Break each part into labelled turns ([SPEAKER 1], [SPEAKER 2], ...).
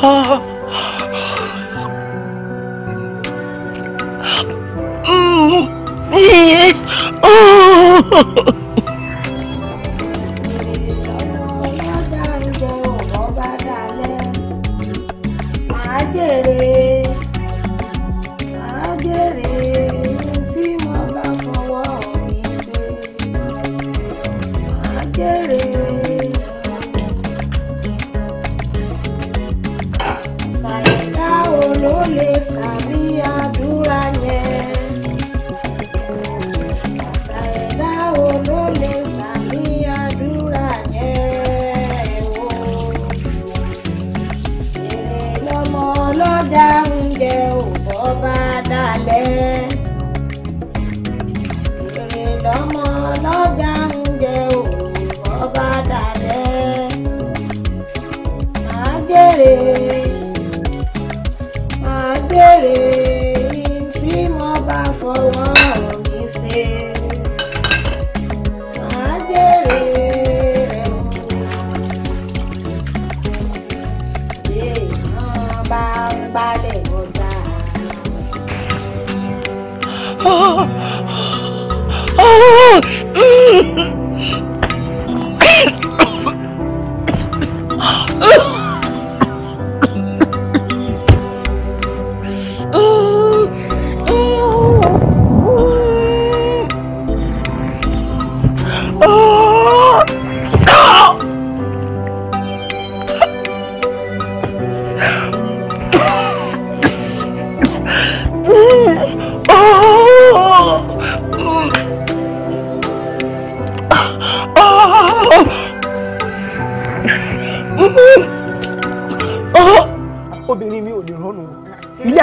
[SPEAKER 1] Oh!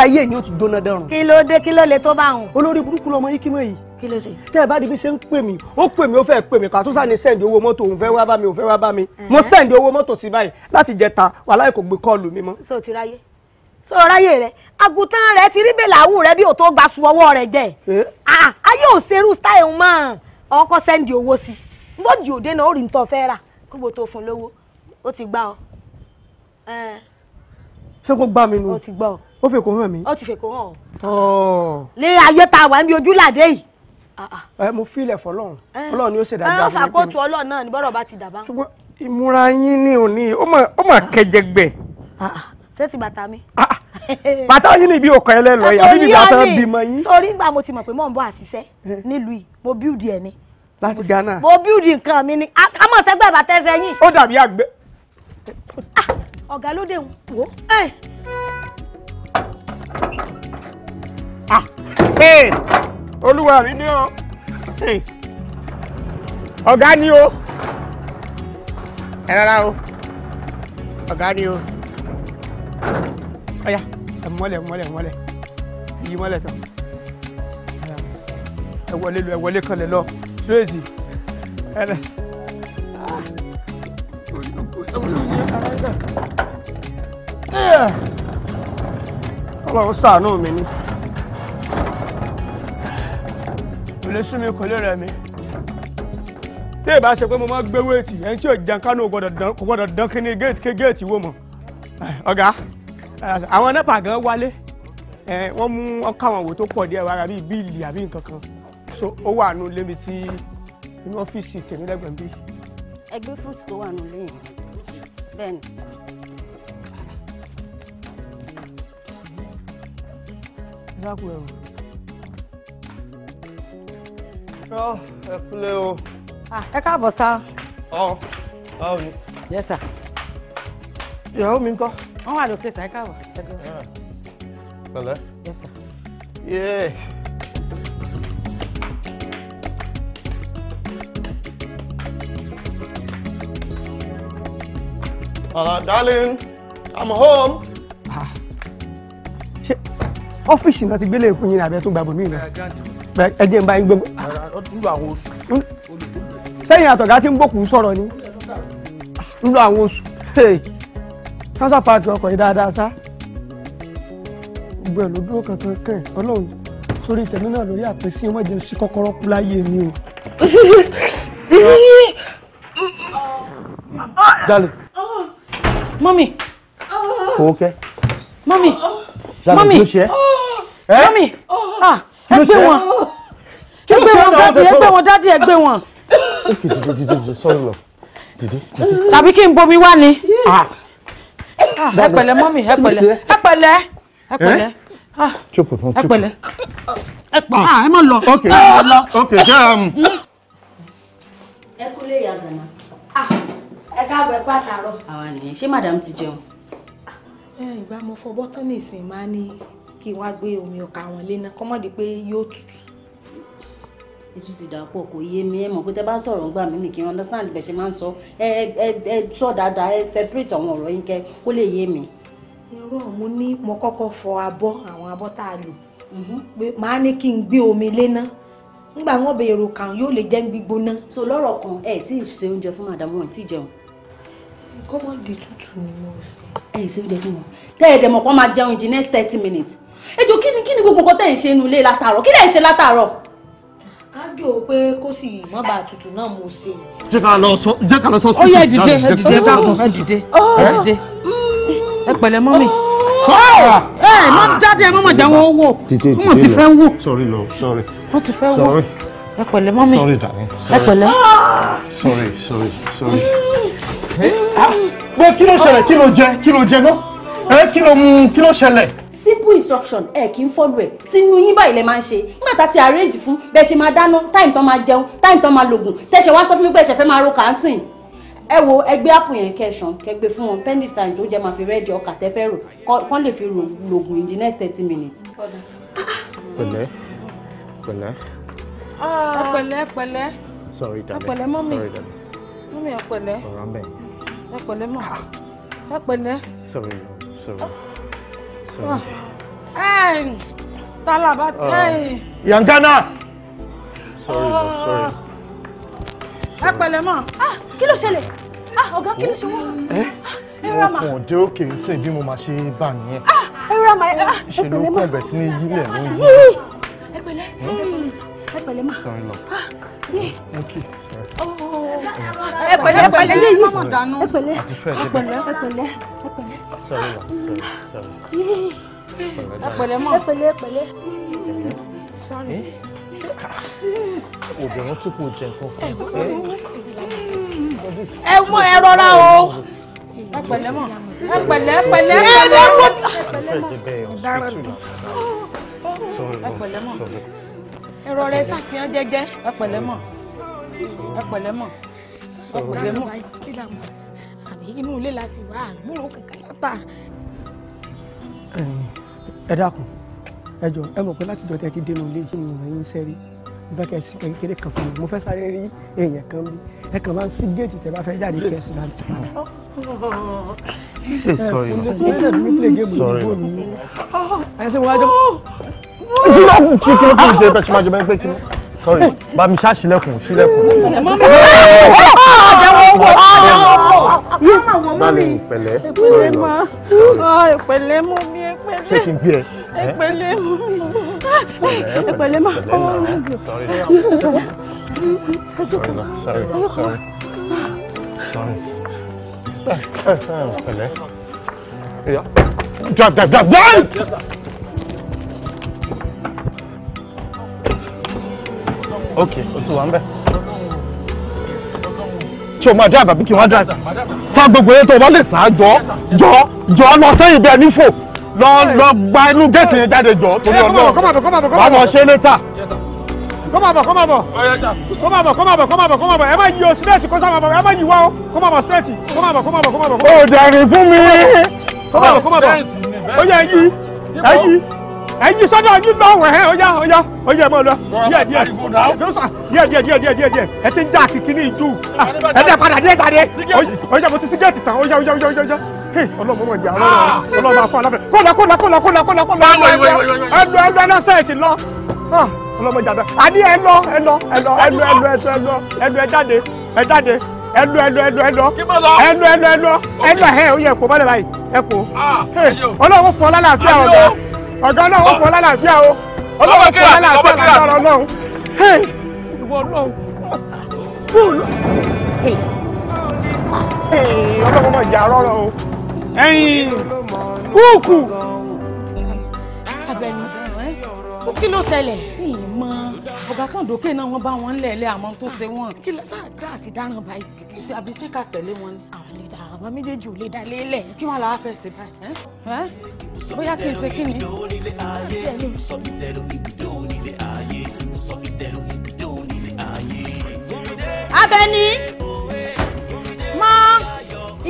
[SPEAKER 2] ayé yìí ó ti dóná dẹrùn. kí ló dé kí ló lè tó bá wọn. olórí burúkú lọmọ yìí kí mọ̀ yìí. kí ló ṣe. tẹ́ ẹ bá di bí ṣe ń pè mí ó pè mí ó fẹ́ pè mí kàtó sáà ní owó mọ́tò òun fẹ́ wá bá mi òun fẹ́ wá bá mi mo sẹ́ǹdì owó mọ́tò sí báyìí láti jẹta wàhálà kò gbé kọ́ọ̀lù mi mọ́. so ti ráyè so ráyè rẹ àgùntàn rẹ ti rí bèlàwù rẹ bí ò tó gbaṣu ọwọ́ rẹ jẹ
[SPEAKER 3] eh? ayé ò ṣerú style mọ́ ọkọ sẹ́ǹdì owó sí bójú òde náà ó rí nǹkan fẹ́ rà kó gbó tó ṣé
[SPEAKER 2] kò gbá mi nù. ó ti gbá ó fèkó hàn mí. ó
[SPEAKER 3] ti fèkó hàn o.
[SPEAKER 2] Oh. ní ayé tá a wà níbi ojúlàdé yìí. ẹ ah, ah. eh, mo filẹ̀ fọlọ́run eh. ọlọ́run ni ó ṣe dáadáa eh, fún mi. ẹ fàkóòtù
[SPEAKER 3] ọlọ́run náà ni bọ́rọ̀ bá ti dàbá. ṣùgbọ́n
[SPEAKER 2] ìmúra yín ni ò ní ó mà kẹjẹ gbẹ. Ah,
[SPEAKER 3] ṣé ti bàtà mi. bàtà yín ni ibi
[SPEAKER 2] ọkọ ẹlẹ́lọ yìí àbí ibi bàtà bímọ
[SPEAKER 3] yín. sórí ńgbà mo ti mọ̀ pé mò ń bọ̀ àṣìṣe nílùú yìí mo bíùdì ẹ̀ ni. láti Ghana. mo bíùdì nǹkan mi ni àmọ̀ sẹ́gbẹ̀ẹ́ bàtà ẹsẹ̀ yín. ó dàbí àgbẹ̀. ọ̀gá ló dé wò.
[SPEAKER 2] Ah, olúwa mi ní o ọ̀gá ni o ẹ rárá o ọ̀gá ni o ọ̀yà ẹ mole, mole, mọ́lẹ̀ yí mọ́lẹ̀ tán ẹ wọlé lọ ẹ wọlé kanlẹ̀ lọ ṣúrèsì ẹ rẹ. Yeah ọlọ́run ṣàánú mi ni kò lè sún mi kò lè rẹ̀ mi tí èbá ṣe pé mo máa gbé wéètì ẹni tí ò jẹun kánú kò gbọ́dọ̀ dán kí ni géètì kí géètì wò mọ́ ọ̀gá àwọn nẹ́pà gan wálé wọ́n mú ọkọ̀ àwọn òwò tó pọ̀ díẹ̀ wára bíi bíìlì àbí nǹkan kan so ó wà nù lébi tí inú ọ́fíìsì tèmi lẹ́gbẹ̀ẹ́ bí.
[SPEAKER 3] ẹgbẹ́ fruit tó wà nù lẹ́yìn bẹ́ẹ̀ ni. dákun
[SPEAKER 4] ẹrù. ẹ kúlẹ̀ o. ẹ káàbọ̀ sá. ọ báwo ni. yẹ sà.
[SPEAKER 3] ìyàwó mi ń kọ́. wọ́n wà lókè sá ẹ káàbọ̀. pẹ̀lẹ́.
[SPEAKER 4] darling, I'm home
[SPEAKER 2] ọ́fíìsì náà ti gbélé fún yín àbẹ tó gba bòmí lọ ẹ jẹ́ n bá yín gbé. sẹ́yìn àtọ̀gá tí ń bòkù sọ̀rọ̀ ni ń lọ àwọn oṣù sánsá pàtó ọkọ̀ yìí dáadáa sá gbogbo ẹ̀ ló dúró kankan kẹ́ ọlọ́run sórí ìtẹ̀mí náà lórí àpèsí wọn jẹ́ sí kọ́kọ́rọ́ kú láyé mi o. jalè. mọ́mì. kò ó kẹ́.
[SPEAKER 3] mọ́mì mọ́mì ah! eh? ah! ah! mọ́mì ẹ gbé wọn ẹ gbé wọn dádì ẹ gbé wọn
[SPEAKER 5] dádì Sorry. gbé wọn.
[SPEAKER 3] tàbí kí n bomi wá ni ẹ pẹ̀lẹ́ mọ́mì ẹ pẹ̀lẹ́ ẹ eh? pẹ̀lẹ́ ẹ pẹ̀lẹ́ ẹ pẹ̀lẹ́ ẹ pẹ̀lẹ́ ẹ má lọ. ok ok jẹ́ àmú. Um, ẹ kúlé ìyá gànà ẹ káàbọ̀ ẹ pàtàrọ̀. àwa nìyẹn ṣé madam ti jẹun. ìgbà mo fọ bọ́tán nìsín máa ní kí wọ́n gbé omi ọkà wọn léná kọ́mọ́dé pé yóò tutù. ètò ti dà pọ̀ kò yé mi ẹ mọ̀ bá ń sọ̀rọ̀ ńgbà mímì kí n understand bẹ̀ ṣe máa sọ separate àwọn ọ̀rọ̀ yín kẹ́ kó mi. ní mo kọ́kọ́ fọ abọ́ àwọn abọ́ tá a lò mhm. pé ní kí n gbé omi ńgbà wọn yóò lè so lọ́rọ̀ kan ẹ̀ tí ì kọ́mọ di tútù ni mo ṣe. ẹ ẹ ṣèwé dẹkùn wọn tẹ ẹ dẹmọ pọn máa jẹun in the next thirty minutes ẹ jọ kí ni kí ni gbogbo nǹkan tẹ ẹ ń ṣe nulẹ látàárọ̀ kí lẹ ń ṣe látàárọ̀. ájò pé kó sì mọ́ bá tútù náà mo ṣe. jẹ́ ká lọ sọ jẹ́ ká lọ sọ síbi. ó yẹ dìde ẹ dìde oh. dáàbò dìde ẹ pẹ̀lẹ́ mọ́mì oh. sọ́ọ̀rà. ẹ ẹ má jáde ẹ má má jáwọ́ wò wọ́n ti fẹ́ wò
[SPEAKER 4] wọ́n
[SPEAKER 3] ti fẹ́ wò ẹ pẹ̀lẹ́ mọ́mì ẹ
[SPEAKER 4] pẹ̀lẹ́. sorry sorry sorry bó eh, ah, kí ló ṣẹlẹ̀ kí ló jẹ kí ló jẹ náà eh, kí ló mu kí ló ṣẹlẹ̀.
[SPEAKER 3] simple instruction ẹ kì í follow ẹ tinú yín báyìí lẹ máa ń ṣe nígbà tá a ti arrange fún bẹ́ẹ̀ ṣe máa dáná time tán máa jẹun time tán máa lògùn tẹ̀sẹ̀ wá sọ fún mi pé ẹ̀ṣẹ̀ fẹ́ máa ro kàánsìn ẹ wo ẹgbẹ́ àpò yẹn kẹsàn kẹgbẹ́ fún wọn pending time tó jẹ́ máa fi rẹ́ẹ̀dì ọkà tẹ́fẹ́ rò kán lè fi lògùn in the next thirty minutes.
[SPEAKER 4] pẹ̀lẹ́ pẹ̀lẹ́.
[SPEAKER 3] Ah. pẹ̀lẹ́ pẹ̀lẹ́.
[SPEAKER 4] sorry darling pẹ̀lẹ́ mọ́mì mọ́mì pẹ̀lẹ́. ọ̀rọ̀ ń
[SPEAKER 3] ẹ pẹ̀lẹ́ mọ̀ ẹ pẹ̀lẹ́.
[SPEAKER 4] sorry sorry sorry.
[SPEAKER 3] ẹ ah. tala bá ti ẹ. Ah. yangana.
[SPEAKER 4] sorry mom ah. sorry.
[SPEAKER 3] ẹ pẹ̀lẹ́ Ah, kí ló ṣẹlẹ̀ ọ̀gá kí ló ṣe wọ́n. ẹ rà mà.
[SPEAKER 4] wọn dé òkè ń sìn bí mo máa ṣe bá nìyẹn.
[SPEAKER 3] ẹ rà mà ẹ pẹ̀lẹ́ mọ̀.
[SPEAKER 4] ṣe ló kún sí ní yílẹ̀ lóyún.
[SPEAKER 3] ẹ pẹ̀lẹ́ ẹ pẹ̀lẹ́ sá ẹ pẹ̀lẹ́ ma ẹ pẹ̀lẹ́ ẹ pẹ̀lẹ́ yìí ẹ pẹ̀lẹ́ ẹ pẹ̀lẹ́ ẹ pẹ̀lẹ́
[SPEAKER 2] ẹ pẹ̀lẹ́ mọ ẹ pẹ̀lẹ́ ẹ pẹ̀lẹ́
[SPEAKER 4] obìnrin tí kò jẹ nǹkan
[SPEAKER 3] ẹ mọ ẹ rọra o ẹ pẹ̀lẹ́ mọ ẹ pẹ̀lẹ́ pẹ̀lẹ́ ẹ pẹ̀lẹ́ mọ ẹ
[SPEAKER 5] pẹ̀lẹ́ mọ ẹ pẹ̀lẹ́
[SPEAKER 3] mọ ẹ̀rọ rẹ sàṣìyàn jẹ́jẹ́ ẹ pẹ̀lẹ́ mọ̀ ẹ pẹ̀lẹ́ mọ̀
[SPEAKER 6] ẹ
[SPEAKER 2] pẹ̀lẹ́ mọ̀.
[SPEAKER 3] àbí inú ilé la sì wá àgbúrò kankan láta.
[SPEAKER 2] ẹ dákun ẹ jọ ẹ mọ̀ pé láti jọ tẹ́ ti dénú ilé yìí mo ń sẹ́rí mo fẹ́ kẹ́ ẹ sí kékeré kan fún mi mo fẹ́ sáré rí èèyàn kan bí ẹ kàn máa ń sí géètì tẹ́ bá fẹ́ jáde kẹ́ ẹ sì máa ń tì padà.
[SPEAKER 1] sorry sorry
[SPEAKER 2] ẹ ṣe wọ́n á jọ. Oh! jíjọ kí kí ló fún jẹ bẹ tí máa
[SPEAKER 4] jẹ bẹ pé kí ló sorry bá mi ṣá ṣílẹ̀kùn ṣílẹ̀kùn. báyìí pẹ̀lẹ́ pẹ̀lẹ́ ma
[SPEAKER 1] pẹ̀lẹ́ mú mi pẹ̀lẹ́ ṣé kí n gbé ẹ pẹ̀lẹ́ mú mi pẹ̀lẹ́ ma
[SPEAKER 4] ọmọ mi pẹ̀lẹ́. Drive, drive, drive, drive! Yes, sir. ok o ti wà ń bẹ̀. ṣé o máa drive àbí kí n wá drive sá gbogbo yẹn tó o bá lè sá jọ jọ jọ lọ sẹ́yìn bí ẹni fò lọ lọ gba inú géètì yẹn jáde jọ torí ọlọ́run
[SPEAKER 2] wàá mọ̀ ṣe létà kọ́mọ̀ bọ̀ kọ́mọ̀ bọ̀ kọ́mọ̀ bọ̀ kọ́mọ̀ bọ̀ kọ́mọ̀ bọ̀ kọ́mọ̀ bọ̀ ẹ má yí o sílẹ̀tì kó sábà bọ̀ ẹ má yí wá o kọ́mọ̀ bọ̀ sílẹ̀tì kọ́mọ̀ bọ̀ kọ́mọ̀ bọ̀ kọ́mọ̀ bọ̀. o dẹ̀rìn fún mi.
[SPEAKER 1] kọ́mọ̀ bọ̀ kọ́mọ̀ bọ̀
[SPEAKER 2] ó yẹ yí ẹ yí ẹ̀yin sọ́dọ̀ yín lọ wẹ̀ ẹ́ ọ̀yá ọ̀yá ọ̀yá ẹ̀ mọ̀ lọ díẹ̀ díẹ̀ díẹ̀ díẹ̀ díẹ̀ díẹ̀ díẹ̀ díẹ̀ ẹ ti ń dá kìkìnní ìjú ẹ dẹ́ padà díẹ̀ tàdé ọ̀yá mo ti sígẹ́ẹ̀tì tán ọ̀yá ọ̀yá ọ̀yá ọ̀yá ọlọ́mọ ìjà ọlọ́mọ afọ alábẹ̀ kólọ kólọ kólọ kólọ kólọ kólọ ẹlọ ẹlọ ẹlọ sẹ́ẹ̀sì lọ ọlọ́mọ ìjà àdí ẹlọ ẹlọ ẹlọ ẹlọ ẹlọ ẹsọ ẹlọ ẹlọ ẹ jáde ẹ jáde ẹlọ ẹlọ ẹlọ ẹlọ ẹlọ ẹlọ ẹlọ ẹlọ ẹ ó yẹ ẹ̀pọ̀ bá lẹ̀ báyìí ẹ̀pọ̀ ọlọ́wọ́ fún ọ lálàáfíà ọ̀gá ọ̀gá náà wọ́n fọ́ lálàáfíà o ọlọ́wọ́ fọ́ lálàáfíà lágbára ọlọ́run ìwọ ọlọ́run fún ọlọ́run mọ̀ ìyá rọ́rọ́ o ẹ̀yìn kúùkù.
[SPEAKER 3] abẹnú kí ló ṣẹlẹ̀ ọba kan dòkè náà wọ́n bá wọn ń lẹ̀ẹ́lẹ́ àmọ́ tó ṣe wọ́n. kí ló sá dá àti dáràn báyìí kí ṣe àbí ṣé ká tẹ̀lé wọn ni. àwọn lè dá àwọn méjèèjì ò lè dá lélẹ̀. kí wọ́n làá fẹ́ báyìí.
[SPEAKER 1] bóyá kí n ṣe kí ni. sọ mọ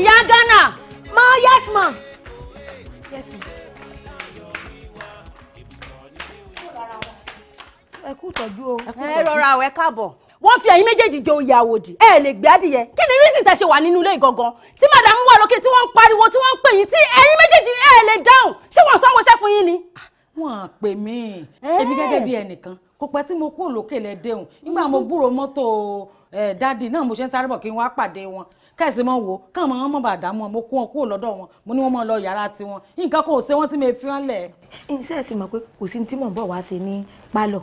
[SPEAKER 3] ìyá Ghana mọ yes ma. ẹ kú tọ́jú o. ẹ rọra ẹ káàbọ̀ wọ́n fi ẹ̀yin méjèèjì jẹ oyè àwòdì ẹ lè gbé adìyẹ kí ni rísì tẹ ṣe wà nínú ilé ìgangan tí madam wà lókè tí wọ́n ń pariwo tí wọ́n ń pè yín tí ẹ̀yin méjèèjì ẹ lè dáhùn ṣé wọ́n sanwó iṣẹ́ fún yín ni. Ah, wọn à pè mí èmi gẹ́gẹ́ bí ẹnìkan kò pẹ́ tí mo kúrò lókè lẹ́dẹ̀hùn nígbà mo mm-hmm. gbúrò mọ́tò dádì náà mo ṣe ń sáré bọ̀ kí n wá pàdé wọn kẹ́sì mọ́ wo káwọn máa ń mọ̀ bàdá mọ́ mo kó wọn kúrò lọ́dọ̀ wọn mo ní wọ́n mọ̀ lọ yàrá tiwọn nǹkan kò ṣe wọ́n tí mo fi hàn lẹ̀. iṣẹ́ ẹ̀sìn mọ̀ pé kò sí ní tí mò ń bọ̀ wá ṣe ní pálọ̀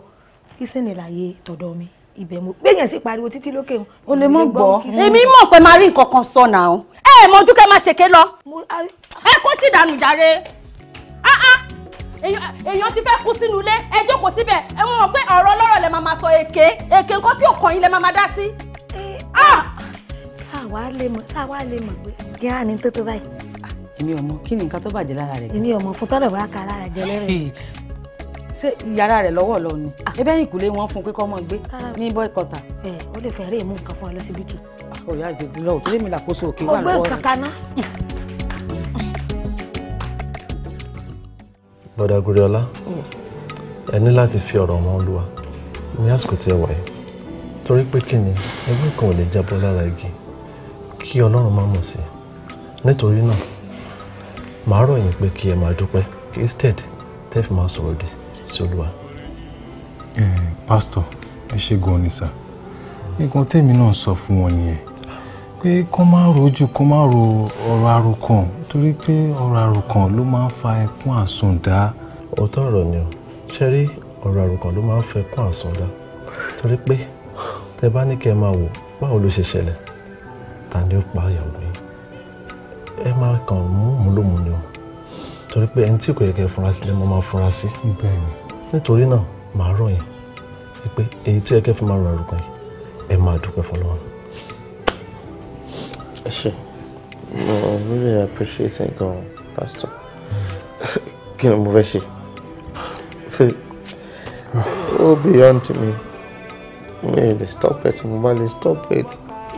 [SPEAKER 3] kíṣìnì láyé tọ̀dọ̀ mi ibẹ̀ mo gbẹ̀yẹ̀ sí pariwo títí lókè o. o lè mọ gbọ́ èmi mọ̀ pé máa rí nǹkan kan sọ náà o. ẹ mọ ojú kẹ máa ṣèké lọ ẹ kó sì dànù jàre èèyàn ah, ah. ti fẹ́ kú sínú ilé ẹ jókòó síbẹ̀ ẹ mọ̀ pé ọ̀rọ̀ ọlọ́rọ̀ lẹ máa sọ èké èké nǹkan tí ò kàn yín lẹ máa dá sí. sáà eh, ah! wàá lè mọ̀ sáà wàá lè mọ̀ pé kí á ní tó tó báyìí èmi ọmọ kí ni nǹkan tó bàjẹ́ lára rẹ̀. èmi ọmọ fún tọ́lọ̀ bá ka lára jẹ lẹ́rẹ̀. Eh, ṣé yàrá rẹ̀ lọ́wọ́ lọ ni ah. ebe yín kùlé wọn fún pé kọ́ mọ́ gbé ah. ní boy quarter. Eh, ẹ ó lè fẹ́ rí èmú nǹkan fún ọ lọ́sibítù. ó ah, yà jẹ́ lọ òtún èmi làkóso òkè wà lọ́wọ́ rẹ̀. ọgbẹ́ kankaná.
[SPEAKER 6] bọ́dà guriola ẹ ní láti fi ọ̀rọ̀ wọn lúwa ní àsìkò tí ẹ wà yìí torí pé kí ni ẹgbẹ́ kan ò lè jábọ́ lára igi kí ọlọ́run má mọ̀ sí nítorí náà màá rọ̀ yín pé kí ẹ máa dúpẹ́ kí instead tẹ́ fi máa sọ̀rọ̀ dé sólùwà. Eh, ẹ pásítọ̀ ẹ ṣe gan ni sà nǹkan tèmi náà sọ fún wọn nìyẹn pé kó má rojú kó má ro ọ̀rọ̀ àròkàn torí pé ọ̀rọ̀ àròkàn ló máa ń fa ẹkún àsundá. òótọ́ ọ̀rọ̀ ni o ṣe rí ọ̀rọ̀ àròkàn ló máa ń fa ẹkún àsundá torí pé tẹ bá ní kí ẹ máa wò báwo ló ṣe ṣẹlẹ̀ ta ni ó pa ìyàwó yìí ẹ máa kàn mú mú ni o torí pé ẹni tí kò yẹ kẹ́ fura sí lẹ́ mọ́ máa fura sí. bẹ́ẹ̀ ni nítorí náà màá rọ̀ yín pé èyí tí ẹ kẹ́ fi máa rọ àrùkàn yìí ẹ máa dúpẹ́ fọlọ́run.
[SPEAKER 4] ẹ ṣe mo really appreciate it gan pastor kí ni mo fẹ́ ṣe ṣe ó beyond me mi ò lè stop it mo bá lè stop it.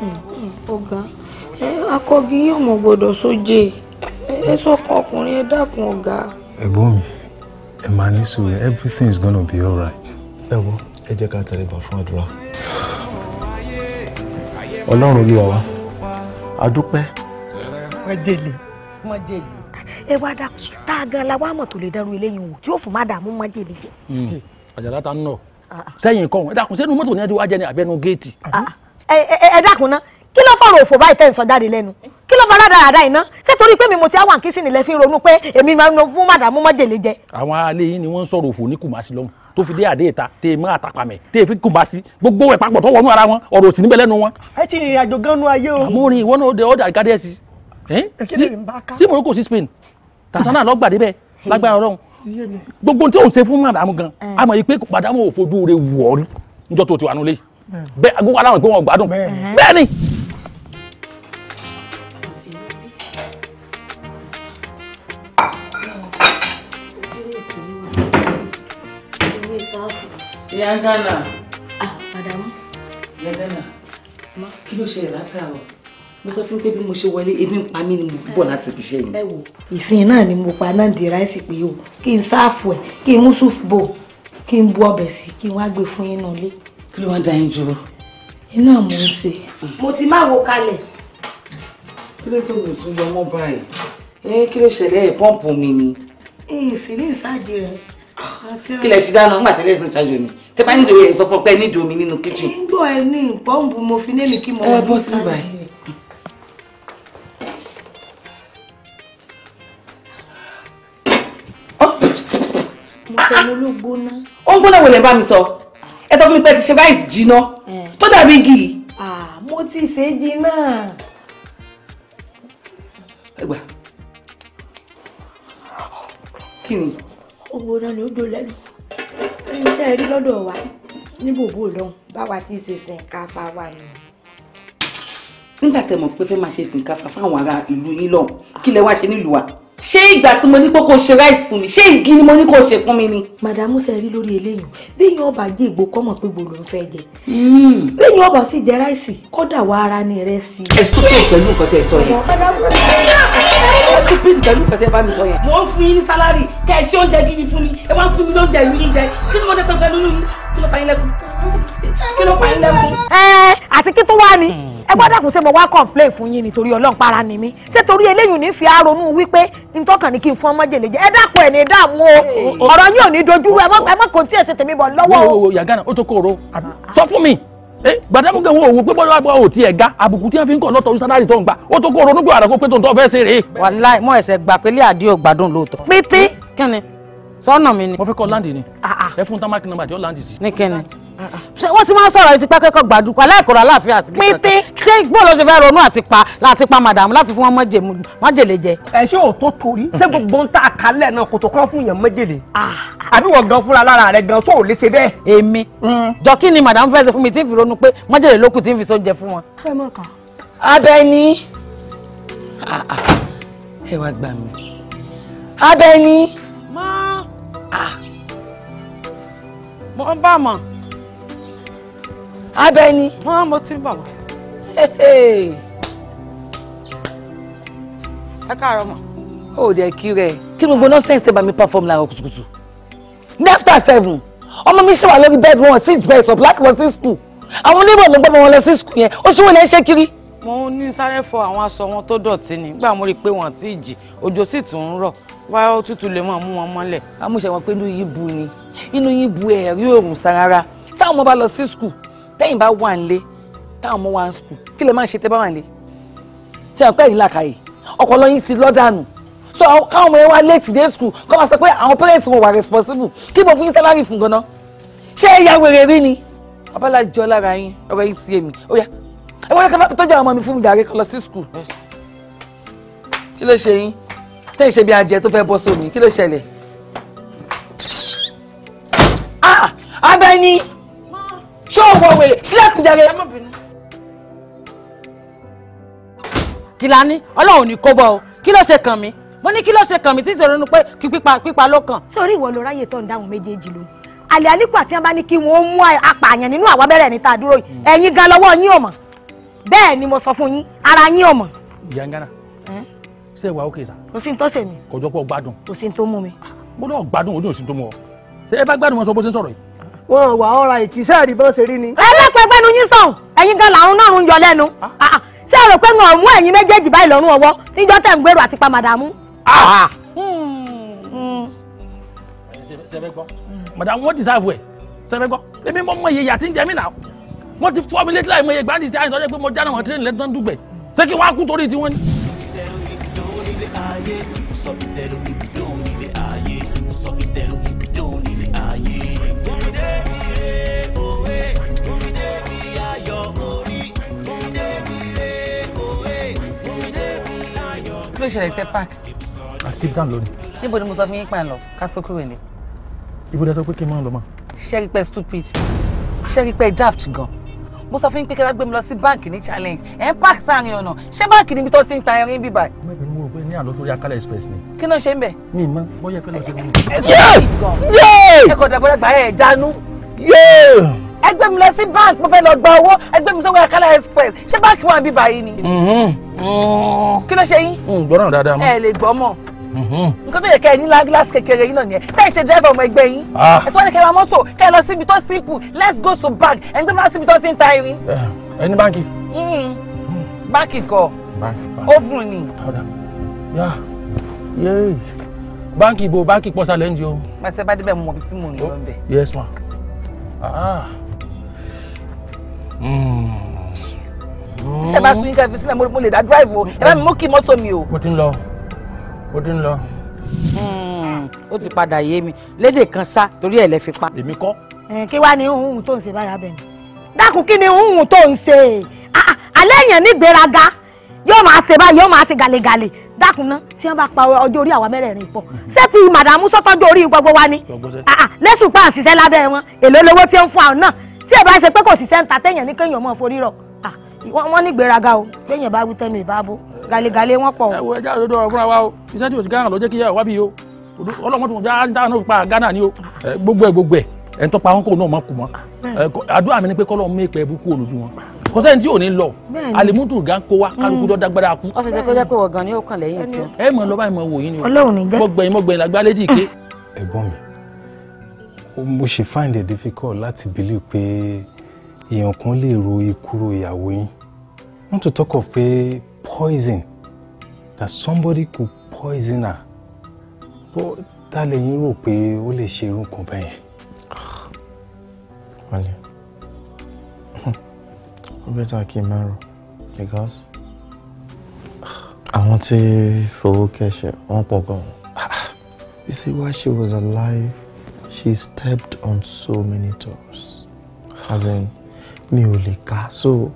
[SPEAKER 3] Mm-hmm, ọ̀gá
[SPEAKER 2] akọ́gi yóò mọ̀ gbọ́dọ̀ sóje ẹ sọ́kàn ọkùnrin ẹ dákun ọ̀gá.
[SPEAKER 6] ẹ̀gbọ́n mi ẹ everything is gonna be alright. ẹ wo ẹ jẹ́ ká tẹríba fún àdúrà. ọlọ́run olúwa wa
[SPEAKER 7] a dúpẹ́.
[SPEAKER 2] wọ́n jèlè
[SPEAKER 3] wọ́n jèlè. ẹ wá dá tá a gan la wá mọ̀ tó lè dẹrù eléyìí wò tí yóò fún má dààmú má jèlè jẹ.
[SPEAKER 7] Hmm, àjàlá ta ń nọ ah, ah. sẹ́yìn kọ́hún ẹ dákun sẹ́nu mọ́tò ní ẹ ti wá jẹ ní abẹ́nu ah,
[SPEAKER 3] ẹ dákun náà kí ló fọ̀rọ̀ òfò báyìí tẹ́ ń sọ jáde lẹ́nu kí ló fara dáadáa iná ṣé torí pé mi mo ti àwọn àkínsì nílẹ̀ fi ronú pé èmi máa ń lọ fún màdàmú mọ́jèlé jẹ.
[SPEAKER 7] àwọn alẹ́ yìí ni wọ́n ń sọ̀rọ̀ òfò ní kùmásí lọ́hùn tó fi dé àdé ìta tẹ mọ́ àtàpàmẹ̀ tẹ fi kùmásí gbogbo ẹ̀ papọ̀ tó wọnú ara wọn ọ̀rọ̀ òsì níbẹ̀ lẹ́nu wọn. ẹ ti rìnrìn àjò gan nu ayé o. àmúrin ìwọ náà ó dà gádẹ́ sí sí Morocco sí Spain Tanzania lọ́gbà débẹ̀ lágbára Ọlọ́run gbogbo tí òun ṣe fún màdàmú gan àmọ́ yìí pé màdàmú ò fojú rẹ̀ wọ̀ ọ́ níjọ́ tó ti wà nulẹ̀ bẹ́ẹ̀ gbogbo
[SPEAKER 3] ìyá gánà. ah madamu. ìyá gánà kí ló ṣẹlẹ̀ látàárọ̀ mo sọ fún pé bí mo ṣe wọlé ebi ń pa mí ni mo bọ̀ láti fi ṣe yìí. ẹ wò ìsìn náà ni mo pa náà di ráìsì pé o kí n sáàfù ẹ kí n mú sùfúbò kí n bu ọbẹ̀ sí kí n wá gbé fún yín nulẹ̀. kí ló wá da yín dúró. iná mo ń ṣe. Mm. mo ti máa wo kalẹ̀. kí ló tó gbèsè ọmọ báyìí. ẹ eh, kí ló ṣẹlẹ̀ pọ́ǹpù mi ni. ìsìn ní ìsáàjì rẹ̀ kí lẹ fi dáná nígbà tẹ́lẹ̀ sùn ṣáájú mi tẹ́ bá ní ìdòwe ẹ̀ sọ fún ọ pé ẹ ní ìdòmi nínú kíchìn. ń gbọ́ ẹ ní pọ́ǹbù mo fi lémi kí mo mú sáà mo sọ mo ló gbóná. ó ń gbóná wo lè bá mi sọ ẹ sọ fún mi pé ti ṣe rice jiná tó dàbí igi. mo ti ṣe jiná.
[SPEAKER 2] ẹgbà kí ni
[SPEAKER 3] owó náà ni ó dò lẹ́nu iṣẹ́ rí lọ́dọ̀ wa ní bòbó lọ́hùn báwa ti ṣe sìnkáfá wa ni. nígbà tí ẹ mọ̀ pé fẹ́ máa ṣe sìnkáfá fáwọn ará ìlú yín lọ́hùn kí lẹ wá ṣe nílùú wa ṣé ìgbà tí mo ní pé kò ṣe rice fún mi ṣé ìgí ni mo ní kò ṣe fún mi ni. màdàmú ṣe rí lórí eléyìí béèyàn ọba jẹ ìgbó kọmọ pé gbòòrò ń fẹ́ jẹ hmm. béèyàn ọba sì jẹ ráìsì kódà wà ara ní rẹ sí. ẹ stupid pẹ̀lú nǹkan tẹ́ ẹ sọ yẹn ẹ stupid pẹ̀lú nǹkan tẹ́ ẹ bá mi sọ yẹn. mo ń fún yín ní sálárì kẹ́ ẹ ṣe oúnjẹ gidi fún mi ẹ wá fún mi lóúnjẹ ìlú oúnjẹ kí ni mo tẹ́ pẹ́ kí ló pa yín lẹ́kùn kí ló pa yín lẹ́kùn. ẹ àti kí tó wá ni ẹ gbọ́dọ̀ kún ṣe mo wá complain fún yín nítorí ọlọ́run para ni mí ṣé torí eléyìí ní fi àrònú wípé ntọ́kàn ni kí n fún ọmọ jèlè jẹ ẹ
[SPEAKER 7] dàpọ̀ ẹ̀ ní dààmú
[SPEAKER 2] o ọ̀rọ̀ yóò ní dojúrú ẹ mọ̀
[SPEAKER 7] kò tí ẹ̀ ṣe tèmi bọ̀ lọ́wọ́ o. wo yàgànà ó tó kóró sọ fún mi gbàdámùgẹ̀ wo òwò pé bọ́dọ̀ àgbà ò tiẹ̀ ga àbùkù tí wọ́n fi ń kọ̀ lọ́tọ̀ sádárì tó ń gbà ó tó kóró nígbà àdàkó pé tó ń tọ́ fẹ́ ṣeré. wàláì mọ ẹsẹ̀ gbà pé lé àdí ò gbádùn lóòótọ́. pípín kí ni sọ́nà mi ni. mo fẹ́ kọ́ láǹdì ni ah, ah. ẹ fún támákì nọ́mbà àti ọ́ láǹdì sí. ní kẹ́ni
[SPEAKER 3] ah, wọ́n ti máa ń sọ̀rọ̀ etí pẹ́kẹ́kọ̀ gbàdúkọ̀ aláìkọ̀rọ̀ aláàfin àti kẹ́kẹ́ ṣé gbọ́dọ̀ ló ṣe fẹ́ ronú àti pa láti pa màdàmú láti fún wọn májèlé jẹ. ẹ ṣé ò tó torí ṣé gbogbo ń tà kálẹ̀ náà kò tó kọ́ fún yàn májèlé àbí wọ́n gan fúnra lára rẹ̀ gan sóò lè ṣe bẹ́ẹ̀. èmi hmm. jọ kí ni màdàmú fẹ́ ṣe fún mi tí ń fi ronú pé májèlé lókù tí ń fi sóúnjẹ fún wọn. Abẹ́ni Abẹ́ni. Ah. mo ń bá mọ̀. abẹ ni. wọ́n ah, mo ti ń bọ̀ wọ́n. ẹ káàárọ̀ mọ̀. ó dẹ̀ kí rẹ̀. kí gbogbo nọ́sẹ̀nsì tẹ́ bá mi perform láàárọ̀ kùtùkùtù. nefta seven ọmọ mi ṣe wà lórí bẹ́ẹ̀dì wọn sí dress up láti lọ sí school àwọn onímọ̀ ló gbọ́mọ wọn lọ sí school yẹn ó ṣe wọ́n lẹ́ ṣe kiri. mo ní sáré fọ àwọn aṣọ wọn tó dọ̀tí ni nígbà mo rí i pé wọn ti jì òjò sì tún ń rọ̀ wá òtútù lè mọ̀ mú wọn mọ́lẹ̀. amúṣe wọn pé inú yìí bu ni inú yìí bu ẹ̀rí òrùn sárára táwọn ọmọ bá lọ sí skul tẹ́yìn bá wà nílé táwọn ọmọ wà ní skul kí lè má ṣe tẹ́ bá wà nílé ṣe àpẹ́ yìí làkàyè ọkọ̀ lọ́yìn sí lọ́dànù so káwọn ọmọ yẹn wá late day school kọ́ máa sọ pé àwọn parents wọn wà responsible kí mo fún yín salary fún ganan ṣé ẹ̀yà wèrè rí ni ọbálàjọ lára yín ọ̀rọ̀ yìí sí èmi ó yá ẹ wọ́n lọ́kàn bá tọ́jú àwọn ọmọ mi fún mi dàrí kan lọ sí
[SPEAKER 7] school kí ló ṣe tẹ́ ìṣe bí ajẹ tó fẹ́ bọ́ sómi kí ló ṣẹlẹ̀.
[SPEAKER 3] Ah! abẹ́ni ṣé òwò wèrè sílẹ̀kùn jẹrẹ. Gílání ọlọ́run ní kó bọ́ o kí ló ṣe kàn mí mo ní kí ló ṣe kàn mí tí ìṣòro nu pé kí pípa pípa ló kàn. sórí ìwọ ló ráyè tó ń dáhùn méjèèjì ló àlè àlíkù àti ẹnba ní kí wọn ó mú apààyàn nínú àwọn abẹ́rẹ́ níta dúró yìí ẹ̀yin gan lọ́wọ́ yín ò mọ̀ bẹ́ẹ̀ ni mo sọ fún yín ara
[SPEAKER 7] yín ò ìyá ń gánà ṣe wà ókè sà. kò sí ní tọ́sẹ̀ mi. kò jọ pé o gbádùn. kò sí ní tó mú mi. mo náà gbádùn ojú òsì tó mú ọ ẹ bá gbádùn wọn sọ bó ṣe ń sọ̀rọ̀ yìí. wọn wà ọ̀ra ìtìsẹ́ rí bọ́n ṣe rí ni. ẹlẹ́pẹ̀gbẹ́nu yín sàn ẹ̀yin gan làrún náà ń yọ lẹ́nu. Ah. Ah, ah. ṣé ẹ rò pé wọn
[SPEAKER 3] ò mú ẹ̀yin méjèèjì báyìí lọ́rùn ọwọ́ níjọ́ tẹ̀ ń gbèrò àti pa màdàmú.
[SPEAKER 7] Hmm. Hmm. màdàmú wọ́n ti sáàfù ẹ̀ sẹ́fẹ́ gbọ́ èmi mọ́ mọ iye ìyà tí ń jẹ mí náà wọ́n ti fọ́ mi létí láì mọ iye gbáǹdì sí àyìnbó jẹ́ pé mo jáde wọn tírẹ̀nì lẹ́tọ́ ń dùgbẹ̀ ṣé kí wọ́n á kú torí tiwọn ni ayé kò sọ mí tẹnu mi bí dùn nílé ayé
[SPEAKER 1] kò sọ mí tẹnu mi bí dùn nílé ayé. orin débi re òwe orin débi ayọ̀ orí orin
[SPEAKER 3] débi re òwe orin débi ayọ̀. kí ló ṣẹlẹ̀ sí park.
[SPEAKER 7] àti cape town lónìí.
[SPEAKER 3] níbo ni mo sọ fún yín pa ẹ lọ ká sókè wẹ̀ ni.
[SPEAKER 7] ibo dẹ́sọ pé kí n máa lọ mọ́.
[SPEAKER 3] ṣé ẹ rí pé stupid
[SPEAKER 7] ṣé ẹ rí pé daft gan
[SPEAKER 3] mo sọ fún yín pé kẹ́rẹ́ gbé mi lọ sí báǹkì ní challenge ẹ̀ ń pààkì ọ̀nà ṣé báǹkì níbi tó ti ń ta ẹrin bíbà. mẹ́bìrin
[SPEAKER 7] wo pé ní àlọ́ sórí express ni. kí ló ṣe ń bẹ̀. mi mọ
[SPEAKER 3] bóyá ẹ fẹ́ lọ sí mi. ẹ kò dàgbọ́dọ̀ gbà ẹ̀ jánu. ẹ gbé mi lọ sí báǹkì mo fẹ́ lọ gba owó ẹ gbé mi sórí akálẹ̀ express ṣé báǹkì wà bíbà yìí ni.
[SPEAKER 7] Mm-hmm. kí ló ṣe yín. Mm, gbọ́dọ̀ dáadáa mọ́. ẹ lè gbọ́ mọ́. Mhm. nǹkan tó yẹ kẹ́ ẹ ní lágílásì kékeré yìí náà nìyẹn tẹ́ ẹ ṣe dírẹ́fà ọmọ ẹgbẹ́ yín ẹ̀sùn wọn ni kẹ́ ẹ ra mọ́tò kẹ́ ẹ lọ síbi tó simple let's go
[SPEAKER 3] to bank ẹni tó bá síbi tó ti ń ta irin.
[SPEAKER 7] Eh, ẹ ní báńkì.
[SPEAKER 3] Hmm. báńkì kọ ovun ni.
[SPEAKER 7] báńkì ibo báńkì pọ́sálẹ̀ ń di o.
[SPEAKER 3] pàṣẹ bá débẹ̀ mọ̀ bí mò ń lọ oh, bẹ̀. yes ma. Ah.
[SPEAKER 7] Mm ṣe bá hmm. sun yín
[SPEAKER 3] ká fi sílẹ̀ mo lè dá drive o ẹ bá mi mú kí mọ́tò mi o.
[SPEAKER 7] mo ti ń lọ ó dín lọ.
[SPEAKER 3] Hmm, ó ti padà yé mi lédè kan sá torí ẹ̀ lẹ fi pa. èmi kọ́. kí wàá ní òun tó ń ṣe bára bẹ̀ ni dákun kí ni òun tó ń ṣe ah, ah, alẹ́ èèyàn nígbéraga yóò máa ṣe báyìí yóò máa ṣe gàlégàlé dákun ná tí wọ́n bá pa ọjọ́ orí àwa mẹ́rẹ̀ẹ̀rin pọ̀ mhm. ṣé ti màdàmú sọ́tọ́jú orí gbogbo wa ni lẹ́sùn ah, pa àṣìṣe lábẹ́ wọn èlò lówó tí wọ́n fún àwọn náà tí ẹ bá ṣe pé kò sì sẹ́ńtà téèyàn ní kéèyàn mọ́ forí rọ̀ wọ́n ní o téèyàn bá wí tẹnu ìbá bó gàlégàlé wọn pọ̀. ẹ wo
[SPEAKER 7] ẹja lọ́dọ̀ ọ̀rọ̀ fúnra wa o iṣẹ́ tí o ti gánà ló jẹ́ kí ẹ wá bí o ọlọ́mọ tó ń já dáhùn náà pa gánà ni o gbogbo ẹ gbogbo ẹ ẹ̀ ń tọ́pa wọn kò náà má kù mọ́ àdúrà mi ni pé kọ́lọ́ mẹ́ẹ̀pẹ́ ẹbú kú olójú wọn kò sẹ́yìn tí ò ní lọ alimutu gan kó wa mm. kálukú dọ́ dágbára kú. ọ̀sẹ̀ sẹ́kọ̀ jẹ́ pé wọ̀gàn ni ó kàn lẹ́yìn tí. ẹ mọ̀ lọ́ba ìmọ̀ wò yín ni
[SPEAKER 6] o mo ṣe find it difficult láti believe pé èèyàn kan lè ro ikú ro ìyàwó yín wọ́n tó tọ́kọ̀ pé poison that somebody could poison her but ta lẹ́yìn rò pé ó lè ṣe irú nǹkan bẹ́ẹ̀ yẹn.
[SPEAKER 4] wálé ó kí n máa rò because àwọn tí fowó kẹ̀ṣẹ̀ wọ́n pọ̀ gan You see, why she was alive, she stepped on so many toes. As in, mi ò lè kà. So,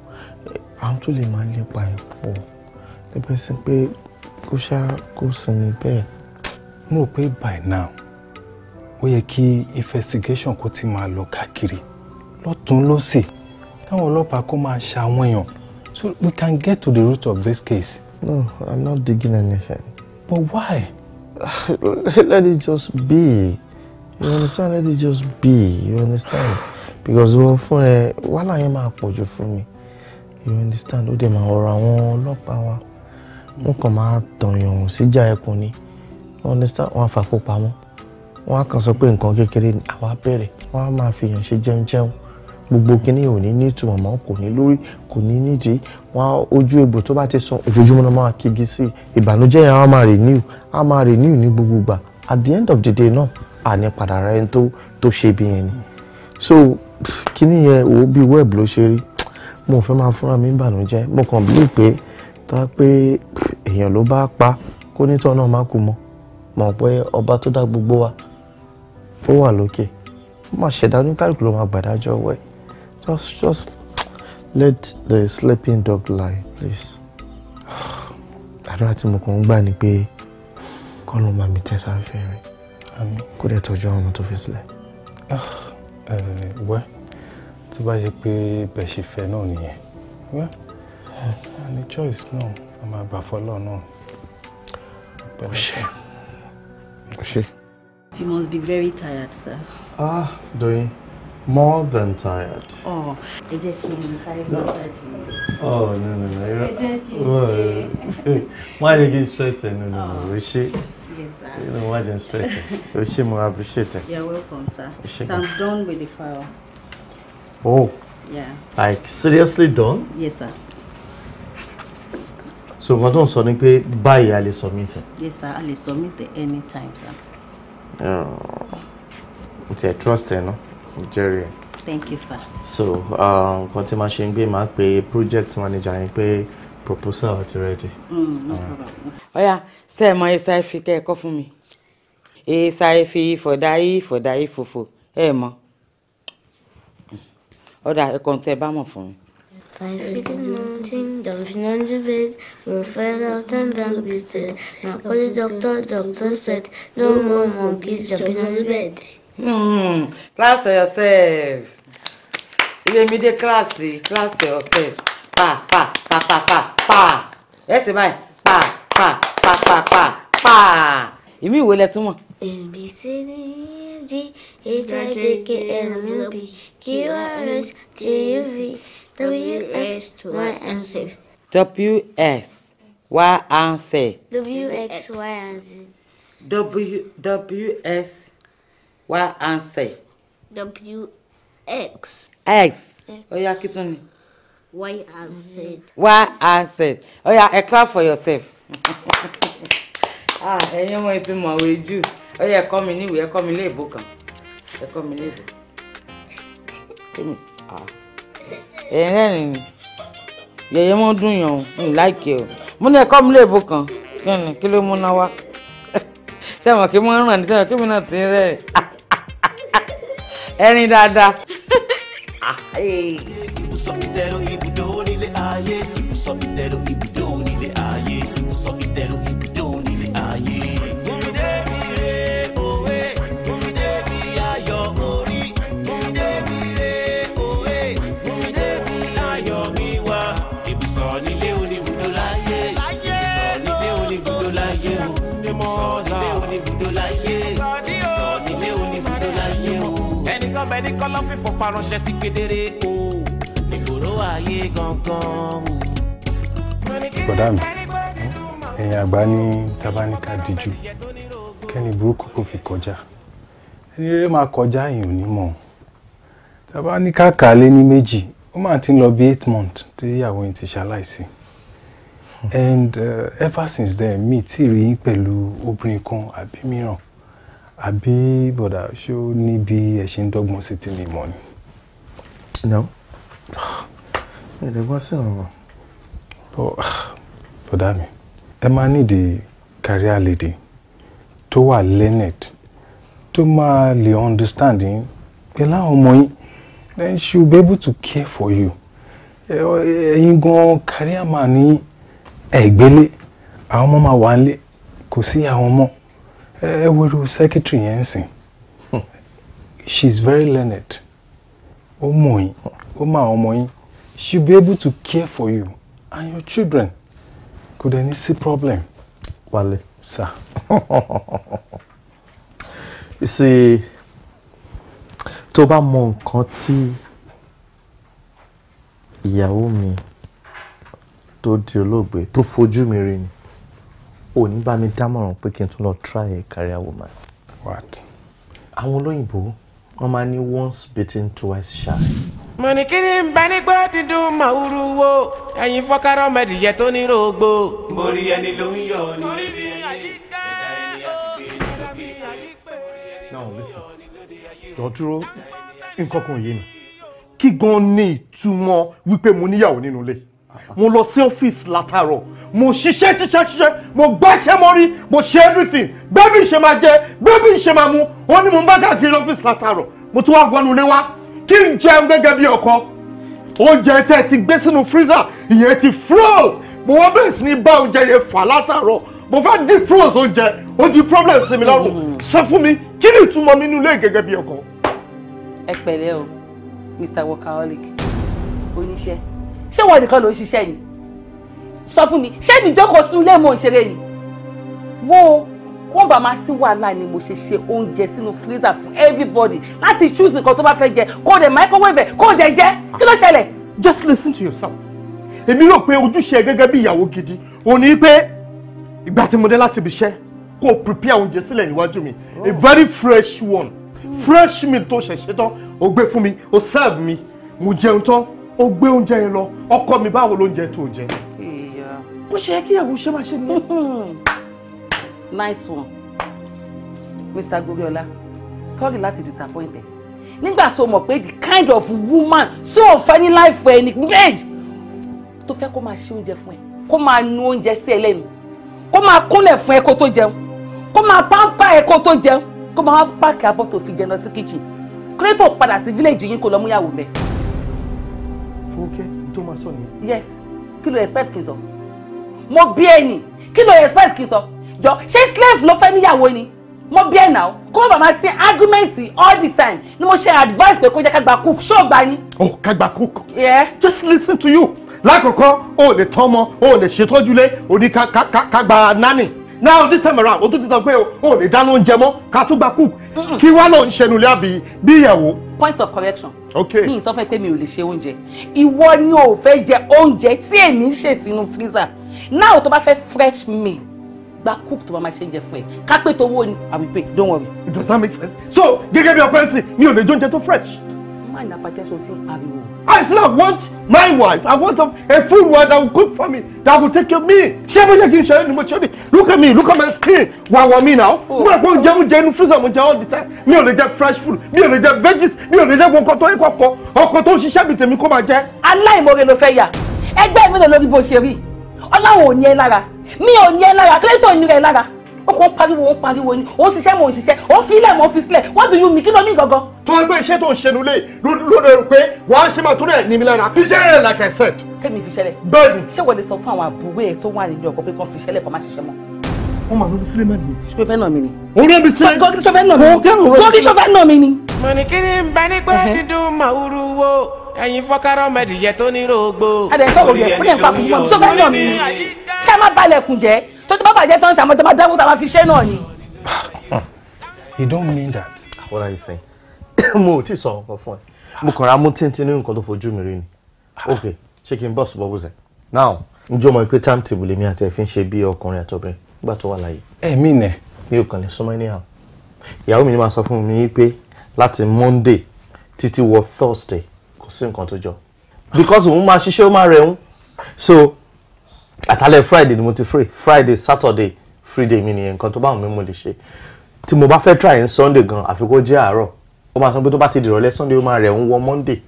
[SPEAKER 4] àwọn tó lè máa lépa ẹ̀ pọ̀
[SPEAKER 6] ẹ̀bẹ̀ sí pé kó ṣá kó sinmi bẹ́ẹ̀ mo rò by now ó yẹ kí investigation kó ti Kakiri. lọ káàkiri lọ́tún lọ́sì táwọn ọlọ́pàá kó máa ṣàwọn èèyàn so we can get to the root of this case. no i'm not digging anything. but why. let
[SPEAKER 4] it just be you understand let it just be you understand because wọ́n fún ẹ wàhálà yẹn máa pọ̀jù fún mi you understand ó dẹ̀ máa ọ̀rọ̀ àwọn ọlọ́pàá wa wọn kàn máa tọ̀yàn síjà ẹkùn ni wọn understand wọn àfàkó pamọ́ wọn kàn sọ pé nǹkan kékeré ni àwa bẹ̀rẹ̀ wọn á máa fìyàn ṣe jẹunjẹun gbogbo kínní ò ní ní ìtumọ̀ mọ́ kò ní lórí kò ní nídìí wọn ojú egbò tó bá ti sàn ojoojúmọ́ náà máa kígi sí i ìbànújẹ́ yẹn á máa renew á máa renew ní gbogbo gbà at the end of the day náà àní padà ara ẹni tó tó ṣe bí yẹn ni so kínní yẹn òwò bíi wẹ́ẹ̀bù ló ṣe rí mo fẹ́ máa fúnra mi ń bànújẹ́ mo kàn bíi pé tá a pé èèyàn ló bá pa kó nítọ́ náà má kú mọ́ mọ̀ pé ọba tó dá gbogbo wa ó wà lókè má ṣẹ̀dá oníkálukú ló máa gbàdájọ́ wẹ̀ just just let the sleeping dog lie please àdúrà tí mo kàn ń gbà ni pé kọ́ ló máa mi tẹ́sán fẹ́ rẹ̀ kó dẹ̀ tọ́jú àwọn ọmọ tó fi sílẹ̀.
[SPEAKER 6] Ah, eh, wẹ́ tí bá ṣe pé bẹ́ẹ̀ ṣe fẹ́ náà nìyẹn wẹ́ any choice náà. No a máa gbà fọlọ́ náà. ó ṣe ó ṣe.
[SPEAKER 3] You must be very tired, sir.
[SPEAKER 4] Ah, Doyin, more than tired.
[SPEAKER 3] Oh, ẹ jẹ́ kí n sáré massage yìí. Oh, no, no, no. Ẹ jẹ́ kí n
[SPEAKER 4] ṣe. Má yẹ kí n stress ẹ, no, no, no, ó oh, ṣe. Yes, sir. You know, why don't stress ẹ? Ó appreciate ẹ. You're welcome, sir. So I'm
[SPEAKER 3] done with the files.
[SPEAKER 4] Oh. Yeah. Like, seriously done? Yes, sir so nǹkan tó ń sọ ni pé báyìí a lè submit ẹ.
[SPEAKER 3] yes sir a lè submit ẹ anytime sir.
[SPEAKER 4] n oh, tiẹ̀ trust ẹ náà jerry. thank you sir. so ah, nǹkan tí màá ṣe ń gbé màá pe project manager yẹn pé proposal ti
[SPEAKER 3] ready. ọ̀ya ṣe é mọ ẹ̀sà ẹ̀fì tẹ́ ẹ kọ́ fún mi ẹ̀sà ẹ̀fì ìfọ̀dáyé ìfọ̀dáyé fòfò ẹ̀ mọ́ ọ̀dà ẹ̀kọ́ tẹ́ ẹ bá mọ̀ fún mi.
[SPEAKER 2] Vai ver que mountain, don't know the bed, we'll find out and back this day. Now all the doctor, doctor said, no more monkeys jumping on the bed.
[SPEAKER 3] Hmm, class yourself. Ilé mi dé kíláàsì kíláàsì pa pa pa pa pa pa ẹ sì báyìí pa pa pa pa pa pa ìmí ìwé lẹ túmọ̀.
[SPEAKER 2] èmi sí ní rí hiv kí ẹlòmíràn bí qrs ti
[SPEAKER 3] W S Y and Z.
[SPEAKER 2] W X Y and Z.
[SPEAKER 3] W W S Y and Z.
[SPEAKER 2] W X.
[SPEAKER 3] X Oya kituni. Y and Z. Y and Z. Oya a clap for yourself. ah, ẹ̀yin ọmọ ìtú mọ̀ wẹ̀ jù. Oya ẹ̀kọ́ mi níwèé ẹ̀kọ́ mi léèbó kan. Ẹ̀kọ́ mi léèbó. Ah. Ẹ̀yin rẹ́rìn-ín yẹ̀yẹ́ mọ́ dùn yàn ò ń láìkẹ́ o mo ní ẹ̀kọ́ mi lè bo kan kí ni kí ló múná wá sẹ́wọ̀n kí mo ń ràn ní sẹ́wọ̀n kí mi náà ti rẹ̀ ẹ̀rín dáadáa.
[SPEAKER 1] Ah, ibùsọ̀ mi tẹ̀lé ibùdó onílé ayé ibùsọ̀ mi tẹ̀lé faránṣẹ́ sí kedere o nígboro ayé gangan o.
[SPEAKER 6] bọ̀dá mi ẹ̀yin àgbà ní tabaníkà díjú kẹ́ni burúkú kò fi kọjá ẹni rere máa kọjá yìí ò ní kàálé ní méjì ó máa ti ń lọ bí eight months tí ìyàwó yìí ti ṣaláìsí and uh, ever since then mi ti rí yín pẹ̀lú obìnrin kan àbí mìíràn àbí bọ̀dà ṣó níbi ẹ̀ ṣe ń dọ́gbọ́n sí ti mi mọ̀ ni. No. Mi lè gbọ́ sí ọ̀rọ̀. Bọ́ bọ́dá mi, ẹ máa ní di career lady tó wà learned tó máa lè understand yín pẹ̀lú then she will be able to care for you. Ẹ̀yin gan career man ní belly. Our mama máa wà nílé kò sí àwọn ọmọ ẹ secretary yẹn ń sìn. Hmm. very learned ó Oma yín ó she'll be able to care for you and your children Could any see problem.
[SPEAKER 4] Wale, sir. you see toba mon mọ nǹkan tí ìyàwó mi tó di olóògbé tó fojú mi rí ni ò ní bá mi dámọ̀ràn pé try a career woman. what. àwọn olóyìnbó wọ́n máa ní once bitten twice shy.
[SPEAKER 1] mo ní kí ni bánigbó ti dùn mọ́ òru wo ẹ̀yin fọ́kárọ́ mẹ́dìyẹ tó ní rògbò. borí ẹni ló ń yọ ní lórí ẹni ẹ̀dá ẹni àṣìpé lókè.
[SPEAKER 4] now listen jọ dúró nǹkan kan yé mi kí gan-an ní ìtumọ̀ wípé mo níyàwó nínú ilé mo lọ sí ọ́fíìsì látàárọ̀ mo ṣiṣẹ́ ṣiṣẹ́ ṣiṣẹ́ mo gbáṣẹ́ mọ́rí mo ṣe everything bébí ṣe máa jẹ bébí ṣe máa mu ó ní mo ń bá káàkiri lọ́fíìsì látàárọ̀ mo tún wá gbọ́nu lé wá kí n jẹun gẹ́gẹ́ bí ọkọ oúnjẹ tẹ́ ti gbé sínú freezer ìyẹn ti froze mo wá bẹ̀rẹ̀ sí ní bá oúnjẹ yẹn fà látàárọ̀ mo fẹ́ defroze oúnjẹ ó di problem sí mi lọ́rùn sọ fún
[SPEAKER 3] mi kí ni ìtumọ̀ mi nílé gẹ́gẹ́ bí ọkọ. ẹ pẹ̀lẹ́ o Mr. Workaholic oníṣẹ́ ṣé wọn nìkan ló ń ṣiṣẹ́ yìí sọ fún mi ṣé mi jókòó sínú ilé mò ń ṣeré yìí wo kó bá máa sí wàhálà ni mo ṣe ṣe oúnjẹ sínú freezer fún everybody láti choose nǹkan tó bá fẹ́ jẹ kó dẹ̀ microwave kó dẹ̀ jẹ kí ló ṣẹlẹ̀. just listen to yourself
[SPEAKER 5] èmi rò pé ojúṣe gẹ́gẹ́ bí ìyàwó gidi
[SPEAKER 4] ò pé ìgbà tí mo dé láti ibi iṣẹ́ kó o prepare oúnjẹ sílẹ̀ níwájú mi a oh. very fresh one fresh meal tó ṣẹ̀ṣẹ̀ tán o gbé fún mi o serve mi mo jẹun tán o gbé oúnjẹ yẹn lọ ọkọ mi báwo lóúnjẹ tó jẹ
[SPEAKER 3] bó ṣe yẹ kí ìyàwó ṣe máa ṣe nìyẹn. nice one mr goriola sorry láti disappoint ẹ nígbà tó mọ̀ pé the kind of woman tó ò fẹ́ ní láìfọ ẹni méjì tó fẹ́ kó máa ṣe oúnjẹ fún ẹ kó máa nu oúnjẹ sí ẹ lẹ́nu kó máa kúnlẹ̀ fún ẹ kó tó jẹun kó máa pàmpá ẹ kó tó jẹun kó máa pààkì abọ́ tó fi jẹun lọ sí kitchen kúrẹ́tò padà sí fílẹ̀jì yín kó lọ mú Fúnkẹ́ tó máa sọ nìyẹn. yes kí ló expect kí n sọ mo bí ẹni kí ló expect kí n sọ jọ ṣé slave ló fẹ́ níyàwó ni mo bí ẹ̀ náà kó má bàa máa ṣe arguments all the time ni mo ṣe advice pé kó jẹ́ kágbà cook ṣó gbà ni. oh
[SPEAKER 4] kágbà cook. yeah. just listen to you lákọ̀ọ́kọ́ o lè tán ọmọ o lè ṣètọ́jú lé o ní kágbà nání now this time around o tún ti sọ pé o ò lè dáná oúnjẹ mọ́ ká tún
[SPEAKER 5] gba cook kí wàá lọ ń ṣẹnu lé àbí bí ìyàwó.
[SPEAKER 3] point of correction okay mi sọ fẹ́ pé mi ò lè ṣe oúnjẹ ìwọ ni o fẹ́ jẹ oúnjẹ tí èmi ń ṣe sínú freezer now tó bá fẹ́ fresh meal gba cook tó bá máa ṣe oúnjẹ fún ẹ ká pé tó wó ni i will pay don't worry. does that make sense so gẹ́gẹ́ bí ọpẹ́ sí mi ò lè jóúnjẹ tó fresh mind apatẹ́sọ ti ń pariwo.
[SPEAKER 4] I still want my wife. I want a, a full wife that will cook for me, that will take care of me. Ṣé mo yẹ kí n ṣe ẹni mo ṣe ni? Look at me, look at my skin. Wà wọ̀ mí náà. Oh. Mo rẹ̀ pé oúnjẹ oúnjẹ freezer
[SPEAKER 5] mo jẹ all the time. Mi ò lè jẹ fresh food, mi ò lè jẹ veggies, mi ò lè jẹ gbọ̀ngàn tó yẹ kọ̀ọ̀kọ̀. Ọkọ tó ń ṣiṣẹ́
[SPEAKER 3] mi tèmi kó máa jẹ. Aláìmoore ló fẹ́ yà. Ẹgbẹ́ mi lè lórí bó ṣe rí. Ọlọ́run ò ní ẹ lára. Mi ò ní ẹ lára. Kílẹ̀ tó ń ní ẹ lára ó kàn pariwo ó pariwo ni ó ṣiṣẹ́ mo ṣiṣẹ́ ó filẹ̀ mo fi sílẹ̀ what do you mean kí ló ní gangan. tó ń gbé iṣẹ́ tó ń ṣe nulẹ̀ ló lè rò pé wàá
[SPEAKER 4] ṣe
[SPEAKER 5] máa tó rẹ̀ ní mi lára iṣẹ́ rẹ̀ like I said.
[SPEAKER 3] kémi fi ṣẹlẹ̀. bẹ́ẹ̀ni. ṣé wọ́n lè sọ fún àwọn àbúrò ẹ̀ tó wà nínú ọkọ̀ pé kàn fi ṣẹlẹ̀ kàn má ṣiṣẹ́ mọ́
[SPEAKER 1] wọn máa lóbi sílé mẹ́rin
[SPEAKER 8] yẹn.
[SPEAKER 3] sọfẹ́ náà mi ni. orí ẹbí
[SPEAKER 5] sílé. kọ́kí sọfẹ́
[SPEAKER 1] náà mi ni. kọ́kí sọfẹ́ náà mi ni. mọ̀nìkìrì ń bá nígbà dídùn màúrú wo ẹ̀yin fọ́kárọ́ mẹ́dìyẹ tó ní rògbò. adẹ̀ sọ̀rọ̀ yẹn fún yẹn pa fún wọn sọfẹ́ náà mi ni. ṣé
[SPEAKER 3] a máa balẹ̀ kùn jẹ́ tó tó bá bàjẹ́ tán sàmọ́ tó bá dáwó tá a fi ṣe náà ni.
[SPEAKER 4] you don't mean that. what are you saying. mo ò tí ì sọ ọkọ fún ẹ mo kàn ra mú tíntín ní nǹkan tó fojú mi rí ni ok ṣé kí n bọ́ ṣùgbọ́n bùsẹ̀ now njẹ́ o mọ̀ pé timetable èmi àti ẹ̀ fi ń ṣe bí ọkùnrin àtọ́bìnrin nígbà tó wà láàyè. ẹ mi nẹ. mi ò kàn lè súnmọ́ anyhow ìyàwó mi ni máa sọ fún mi pé láti monday títí wọ thursday kò sí nǹkan tó jọ because òun máa ṣiṣẹ́ ó máa rẹ̀ ń so àtàlẹ́ friday ni mo ti free friday saturday free day mi nìyẹn nǹkan tó bá wù mí mo lè ṣe tí mo bá fẹ́ try ní sunday gan àfi kó jẹ́ àárọ̀ ó máa sọ pé tó bá ti dìrọ̀lẹ́ sunday ó máa rẹ̀ ń wọ monday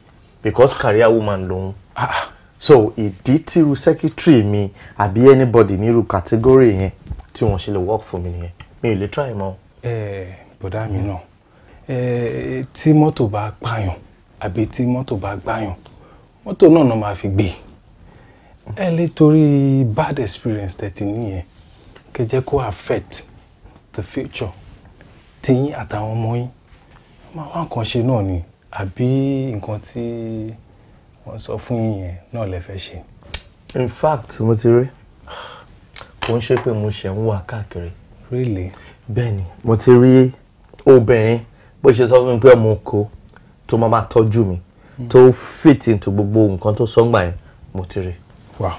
[SPEAKER 4] because career woman lòun ah, ah. so ìdí tíru secretary mi àbí anybody nírú category yẹn tí wọ́n ṣe lè work for mi nìyẹn mi ò lè try mọ́.
[SPEAKER 6] ẹ bọ̀dá mi náà tí mọ́tò bá pààyàn àbí tí mọ́tò bá gbààyàn mọ́tò náà náà máa fi gbé e ẹ lè torí bad experience tẹ̀tí nìyẹn kẹ jẹ́ kó affect the future tiyín àtàwọn ọmọ yín máa wá nǹkan ṣe náà ni àbí nǹkan tí wọ́n sọ fún yín yẹn náà lè fẹ́ ṣe.
[SPEAKER 4] in fact mo ti rí
[SPEAKER 6] kò ń ṣe pé mo ṣe ń wà káàkiri. really. bẹ́ẹ̀ ni
[SPEAKER 4] mo ti rí obìnrin bó ṣe sọ fún mi pé ọmọ oko tó máa tọ́jú mi hmm. tó fit into gbogbo nǹkan tó sọ́ngbà yẹn mo ti rí
[SPEAKER 6] wow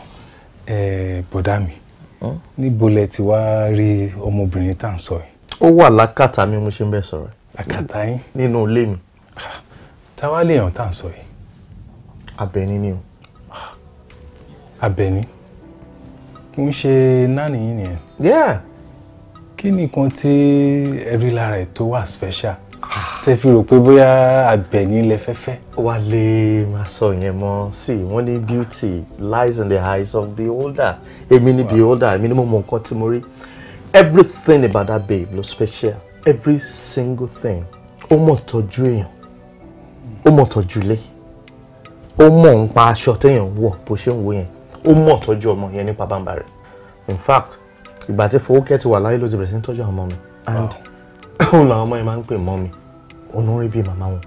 [SPEAKER 6] ẹ bọ̀dá mi níbo lẹ ti wá rí ọmọbìnrin tá à ń sọ yìí. ó wà lákàtà mi mo ṣe ń bẹ sọ̀rọ̀. lákàtà yín. nínú ilé mi. Ah, táwa lè tá à ń sọ yìí. Àbẹ̀ní ni o. Àbẹ̀ní ah, kì í ṣe nání yín nìyẹn. kí ni nǹkan tí ẹ rí lára ẹ̀ tó wà special tẹ́ fi rò pé bóyá àbẹ̀ní lẹ fẹ́fẹ́. wálé máa
[SPEAKER 4] sọ yẹn mọ́ sí wọ́n ní beauty lies in the eyes of beholder èmi ni beholder èmi ni mo mọ nǹkan tí mo rí everything about that babe ló special every single thing ó mọ̀ tọ́jú èèyàn ó mọ̀ tọ́jú ilé ó mọ̀ ń pa aṣọ téèyàn ń wọ̀ bó ṣe ń wo yẹn ó mọ̀ tọ́jú ọmọ yẹn nípa bàbá rẹ̀ in fact ìgbà tí Fowókẹ́ ti wà láyé ló ti bẹ̀rẹ̀ sí ń tọ́jú ọmọ mi and òun làwọn ọmọ yẹn máa ń pè mọ́ mi onúrin bíi màmá wọn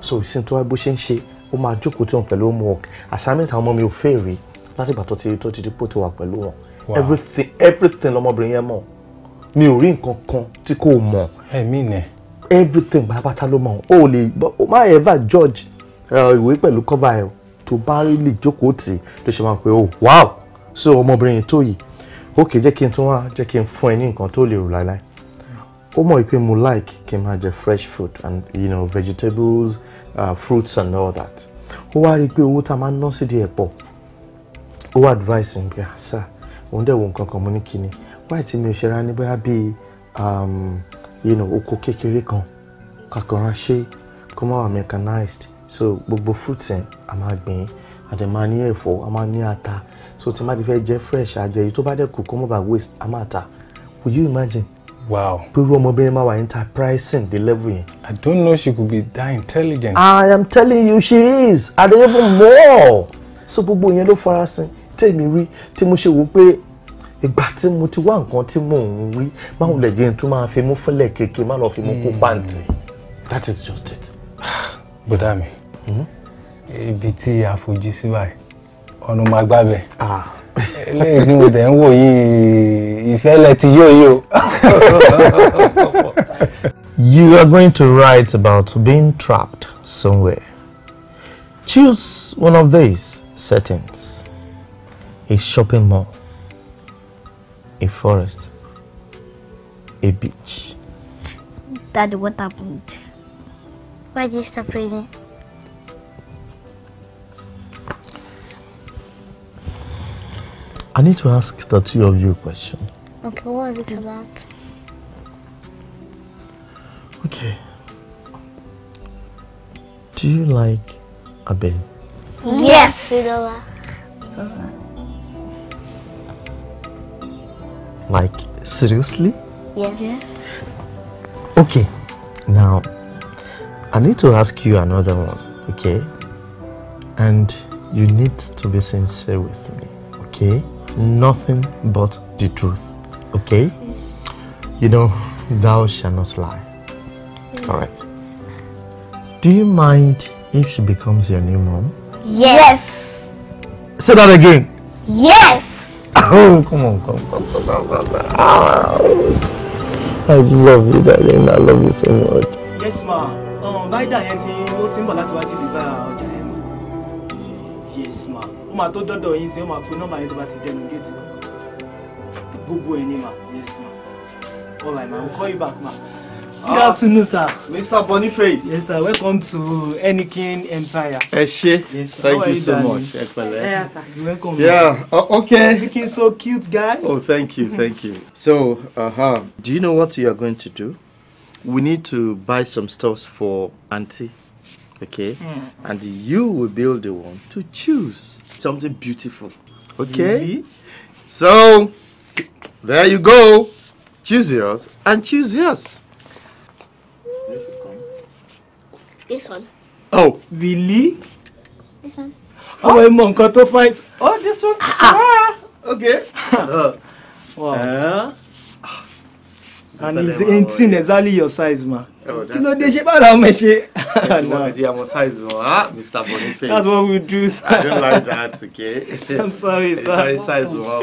[SPEAKER 4] so ìsìn tó wá bó ṣe ń ṣe ó máa jókòó tó hàn pẹ̀lú homework assignment àwọn ọmọ mi ò fẹ́ rí látìgbà tó ti tó ti di pò tó wà pẹ̀lú wọn everything everything lọmọbìnrin yẹn mọ̀ mi ò rí nǹkan kan tí kò mọ̀ everything pátápátá ló mọ̀ o lè o má ever George, eh, ìwé pẹ̀lú cover ẹ̀ tó bá rí lè jókòó tì ló ṣe máa ń pè oh, wow so ọmọbìnrin yìí tó yìí ó kì í jẹ́ kí n tún wá jẹ́ kí n fún ẹ ní nǹkan tó lè rò láéláé ó mọ̀ pé mo like kí n máa jẹ fresh food and you know, vegetables uh, fruits and all that ó wá rí i pé owó tá a máa ń ná sídìí ẹ̀ pọ̀ ó wá advice mi pé àṣà ah, òun dẹ̀ wo nǹkan kan mo ní kíni wáyé tí mi ò ṣe ra ní bóyá bíi um, you know, oko kékeré kan kàkànrà ṣe kó má wà mechanized so gbogbo fruits yẹn a máa gbìn a dẹ̀ máa ní ẹ̀fọ́ a máa ní ata so tí n bá ti fẹ́ jẹ fresh àjẹyí tó bá dẹ̀ kù kó má bàa waste a máa ta will you imagine wow pẹ̀lú ọmọbìnrin máa wà enterprising the level yẹn. I don't know she could be
[SPEAKER 6] that intelligent.
[SPEAKER 4] I am telling you she is and even more so gbogbo yẹn ló farasin tèmi rí tí mo ṣe wò pé ìgbà tí mo ti wá nǹkan tí mò ń rí báwo lè jẹ́ tún máa fi mú fúnlẹ̀ kéèké má lọ́ọ́ fi mú
[SPEAKER 5] kó hmm. pàǹtì.
[SPEAKER 6] that is just it. bùdá mi hmm? ibi tí a fojú sí báyìí ọ̀nà máa gbábẹ́ ah. lẹ́yìn tí mo dẹ̀ ń wò yìí ìfẹ́ lẹ ti yóò yóò.
[SPEAKER 4] you are going to write about being trapped somewhere. Choose one of these settings. A shopping mall, a forest, a beach.
[SPEAKER 8] Dad, what happened? Why did you stop reading?
[SPEAKER 4] I need to ask the two of you a question.
[SPEAKER 8] Okay, what is it about?
[SPEAKER 4] Okay. Do you like Abel?
[SPEAKER 8] Yes,
[SPEAKER 4] Like, seriously?
[SPEAKER 8] Yes. yes.
[SPEAKER 4] Okay, now, I need to ask you another one, okay? And you need to be sincere with me, okay? Nothing but the truth. okay? You know, thou shalt not lie. All right. Do you mind if she becomes your new mom?
[SPEAKER 2] Yes. yes. Say that again. Yes.
[SPEAKER 4] Oh, come on,
[SPEAKER 1] come, on, come, come, come, come. come. Oh, ah. I love you, darling. I love you so much.
[SPEAKER 4] Yes, ma. Um, Báídà yẹn ti ó ti ń bọ̀ láti wájú lè ọjà yẹn mọ́. Yes, ma. Ó máa tó dọ́dọ̀ yín sí, ó máa pe nọ́mbà yẹn tó bá ti dẹnu géètì kan gbogbo ẹ̀ ma yes ma all right ma I call you back ma. Ah, Good afternoon, sir. Mr. Boniface. Yes, sir. Welcome to Enikin Empire. Ẹ ṣé. Yes, Thank you so much. Ẹ pẹ̀lẹ́. Yeah,
[SPEAKER 1] sir. You're welcome. Yeah.
[SPEAKER 4] okay. You're looking so cute, guy. Oh, thank you. Thank you. So, uh-huh. Do you know what you are going to do? We need to buy some stuffs for Auntie. Okay? Mm. And you will build the one to choose something beautiful. Okay? Really? So, There you go. Choose yours and choose yours.
[SPEAKER 2] This one. Oh, really? This one. Oh, ẹ mọ nǹkan tó fine. Oh, this one. Ah, ah. ah okay. Uh,
[SPEAKER 4] wow. Uh, and he's 18, exactly your size ma. kí ló dé ṣe báwo làwọn ọmọ ẹ ṣe. ẹsìn wọn ti àmọ size wọn ah Mr. Boniface. that's what we do sir. I don't like that okay. I'm sorry sir. sorry size wọn.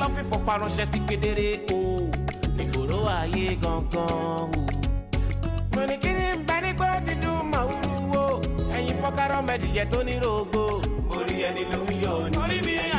[SPEAKER 1] kọ́lọ́fín fọ̀pá ránṣẹ́ sí kedere o nígboro ayé gangan o. mọ̀nìkìní ń bẹ nígbà dídùn màwúrú wo ẹ̀yin fọ́kárọ́ mẹ́dìyẹ tó ní rògbò. orí ẹni ló ń yọ ní. orí mi yẹ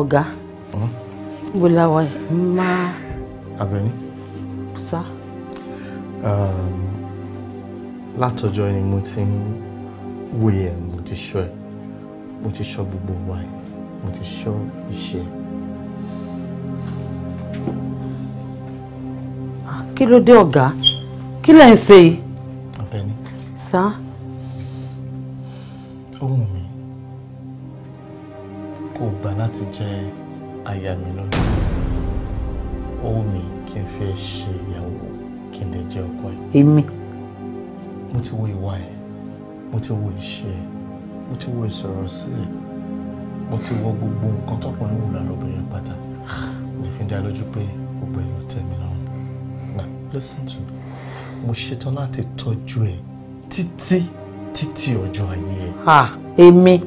[SPEAKER 3] ọ̀gá hm? bó la wà máa. Àbẹ̀ní. sá.
[SPEAKER 4] Um, látọjọ́ ni mo ti ń wòye ẹ̀ mo ti ṣọ́ ẹ̀ mo ti ṣọ́ gbogbo wa ẹ̀ mo ti ṣọ́ iṣẹ́
[SPEAKER 3] kí ló dé ọ̀gá kí lẹ̀ ń ṣe yìí. Àbẹ̀ní. sá. ohun
[SPEAKER 4] kò gbà láti jẹ aya mi lọ́la ó wù kí n fi ṣe ìyàwó kí n lè jẹ ọkọ ẹ. èmi. mo ti wo ìwà ẹ mo ti wo ìṣe ẹ mo ti wo ìsọ̀rọ̀ sí ẹ mo ti wo gbogbo nǹkan tọkùnrin wù lálọ́bìnrin pátá mi fi dá lójú pé gbogbo ẹ ló tẹ́ lọ́rùn now listen to me mo ṣetán láti tọ́jú ẹ títí títí ọjọ́ ayé ẹ. ah
[SPEAKER 3] èmi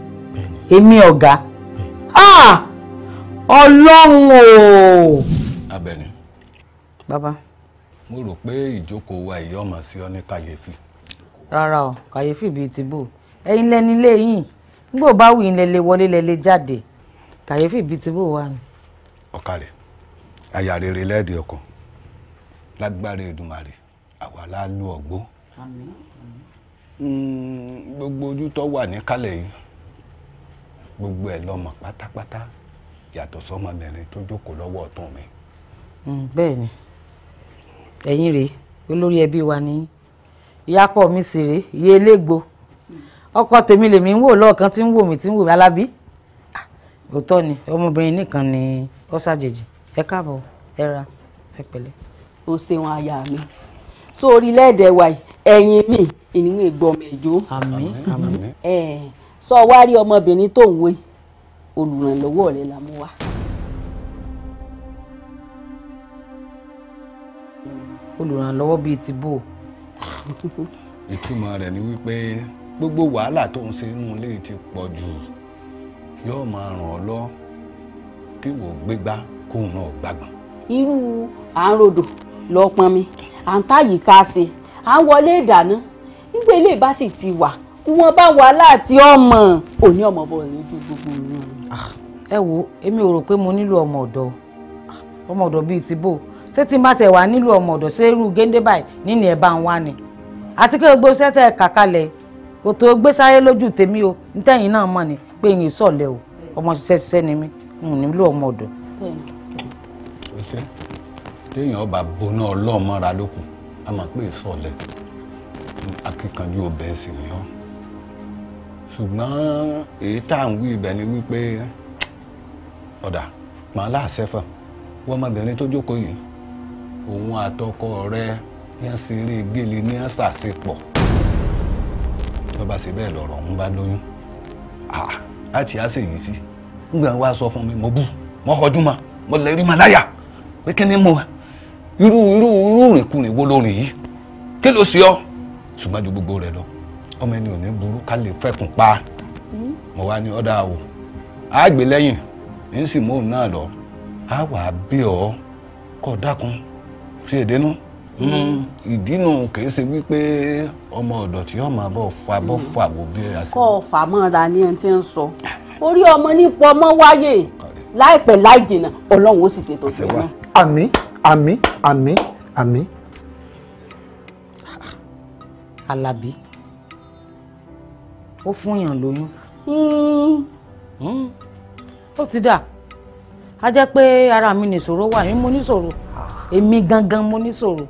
[SPEAKER 3] èmi ọ̀gá. Ah! ọlọ́run o. abẹni. bàbá.
[SPEAKER 8] mo rò pé ìjókòó wa èyí ọmọ sí ọ ní kàyéfì.
[SPEAKER 3] rárá o kàyéfì bíi ti bò ẹ̀yin lẹni lẹ́yìn nígbà bá wù yín lẹlẹ wọlé lẹlẹ jáde kàyéfì bíi ti bò wà ní. ọ̀kàrẹ̀
[SPEAKER 8] àyà rere lẹ́ẹ̀dẹ̀ ọkàn lágbára Èdùmàrè àwa la lu ọ̀gbọ́ hmm, gbogbo ojú wà níkàlẹ̀ yìí gbogbo ẹ̀ lọ́mọ pátápátá yàtọ̀ sọ́mọbìnrin tó jókòó lọwọ ọ̀tún mi.
[SPEAKER 3] Mm, bẹ́ẹ̀ ni ẹ̀yin rèé olórí ẹbí wa ni ìyákọ̀ mi sì rèé iye elégbò ọkọ tèmi lèmi ń wò lọ́ọ̀kan tí ń wò mí tí ń wò mí alábí ah, òótọ́ ni ọmọbìnrin nìkan ni ọ́sàjèjì ẹ káàbọ̀ ẹ ra ẹ pẹ̀lẹ́. o ṣeun aya mi sórí lẹ́ẹ̀dẹ̀ wa ẹ̀yin mi ìníwó ìgbọ́mẹ̀jọ. àmín àmín. ẹ̀ẹ́ sọ wá rí ọmọbìnrin tó ń wé olùrànlọ́wọ́ rẹ la mú wá. olùrànlọ́wọ́ bíi ti bò.
[SPEAKER 8] ìtumọ̀ rẹ̀ ni wípé gbogbo wàhálà tó ń ṣe inú ilé ti pọ̀ jù yóò máa ràn ọ́ lọ kí wò ó gbégbá kóun náà gbàgbọ́n.
[SPEAKER 3] irú à ń rodò lọ pọnmi à ń táyìí ká ṣe à ń wọlé ìdáná nígbà ilé ìbá sì ti wà wọn bá wàhálà àti ọmọ òní ọmọ bọ̀ lójú gbogbo ìlú. Ah, ẹ wo èmi ò rò pé mo nílò ọmọ ọ̀dọ́ ah, ọmọ ọ̀dọ́ bíi ti bò ṣé tí n bá tẹ̀ wá nílò ọmọ ọ̀dọ́ ṣé irú géńdé báyìí nínú ẹ̀ bá ń wá ni àti pé gbogbo iṣẹ́ tẹ̀ kà kalẹ̀ kò tó gbé sáyé lójú tèmi o nítẹ̀yìn náà mọ̀ ni pé ìyìn sọ̀lẹ̀ o ọmọ ṣiṣẹ́ ṣiṣẹ́ ni mí n ò nílò ọmọ ọ̀dọ́.
[SPEAKER 8] ṣe téèyàn ọba boná ọlọ́ọ̀mọ́ra lókun a máa pè é sọ̀lẹ̀ akíkanjú ọbẹ̀ sí ni ṣùgbọ́n èyí tá à ń wí ibẹ̀ ni wípé ọ̀dà màá láàṣẹ fà wọ́n ọmọbìnrin tó jókòó yìí òun àtọkọ rẹ yẹn ṣeré gèlè ní àṣàṣepọ̀ tó bá ṣe bẹ́ẹ̀ lọ̀rọ̀ òun bá lóyún àti àṣẹ yìí sí nígbà wàá sọ fún mi mo bú mo họdún ma mo lẹ́rìí ma láyà pé kí ni mo irú irú irú rìnkùnrin wo lórin yìí kí ló ṣe ọ ṣùgbọ́n ju gbogbo rẹ lọ ọmọ ẹni ò ní burú ká lè fẹkùn pa hmm? mo wá ní ọdà o á gbé lẹ́yìn ní sì mò ń náà lọ á wà á bí ọ kọ dákun ṣe ìdínú hmm, hmm. ìdínú kì í ṣe wípé ọmọ ọ̀dọ̀ tí ọmọ bọ fà bọ fà wò bí ẹ
[SPEAKER 3] ṣe. kọ́ ọ̀fà mọ́ra ni ẹ ti ń sọ orí ọmọ nípa ọmọ wáyé láìpẹ́ láì jìnnà ọlọ́run ó sì ṣètò sí ẹ náà.
[SPEAKER 5] àmín àmín àmín àmín.
[SPEAKER 3] Alábí ó fún yàn lóyún hmm. Hmm. ó ti dà á jẹ́ pé ara mi nìṣòro wà ní mo níṣòro èmi gangan mo níṣòro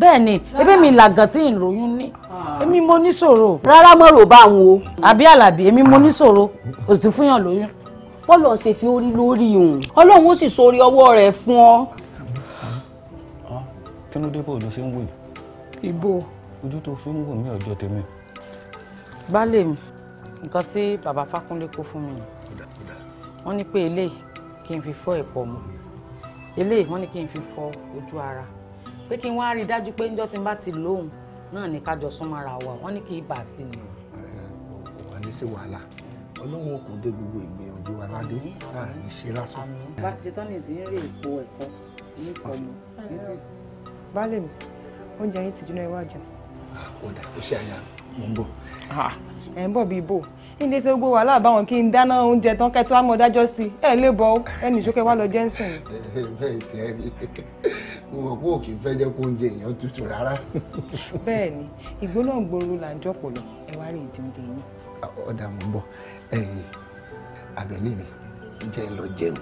[SPEAKER 3] bẹ́ẹ̀ ni ebí mi làgàn tí ń lóyún ní èmi mo níṣòro. rárá mo rò bá àwọn o. àbí àlàbí èmi mo níṣòro ó sì ti fún yàn lóyún bọ́ọ̀lù ọ̀sẹ̀ fi orí lórí òun ọlọ́run ó sì sórí ọwọ́ rẹ̀ fún ọ.
[SPEAKER 8] kí ló dé bó o lọ sí ń wò yìí. ibo. ojú tó fi ń wò mí ọjọ́ tèmi
[SPEAKER 3] baálé mi nǹkan tí bàbá Fákúnlé kó fún mi ni wọ́n ní pé eléyìí kí n fi fọ́ ẹ̀pọ̀ mu eléyìí wọ́n ní kí n fi fọ ojú ara pé kí n wá rí i dájú pé níjọ́ tí bá ti lóhùn náà ní kájọ súnmọ́ wa wọ́n ní kí ibà ti nì.
[SPEAKER 5] wà á ní sí wàhálà ọlọ́run kò dé gbogbo ìgbìyànjú aládé láàrin ṣe lásán. bá ti
[SPEAKER 3] ṣe tán ní ìsìn rí
[SPEAKER 5] èpo ẹ̀kọ́ ní ìkọlù
[SPEAKER 2] ah. baálé mi oúnjẹ yín ti jóná iwájú. ọ̀dà ah, ó ṣe àyà mi mo ń bọ̀. ẹ̀ ń bọ̀ bíi bò ilé ṣe gbogbo wàhálà báwọn kí n dáná oúnjẹ tán kẹtọ àmọ́ dájọ́ sí ẹ lè bọ ẹnì ìṣókè wà lọ jẹnsìn.
[SPEAKER 5] bẹ́ẹ̀ tí ẹ rí mo mọ̀ pé òkè fẹ́ jẹ́ kó oúnjẹ èèyàn tutù rárá.
[SPEAKER 3] bẹ́ẹ̀ ni ìgbóná gbòòrò là ń jọ̀pọ̀ lọ ẹ wá rí ìdí oúnjẹ yín.
[SPEAKER 5] Ah, ọ̀dà mo ń bọ̀ ẹ̀yìn àbẹ̀lé mi jẹ́ lọ jẹun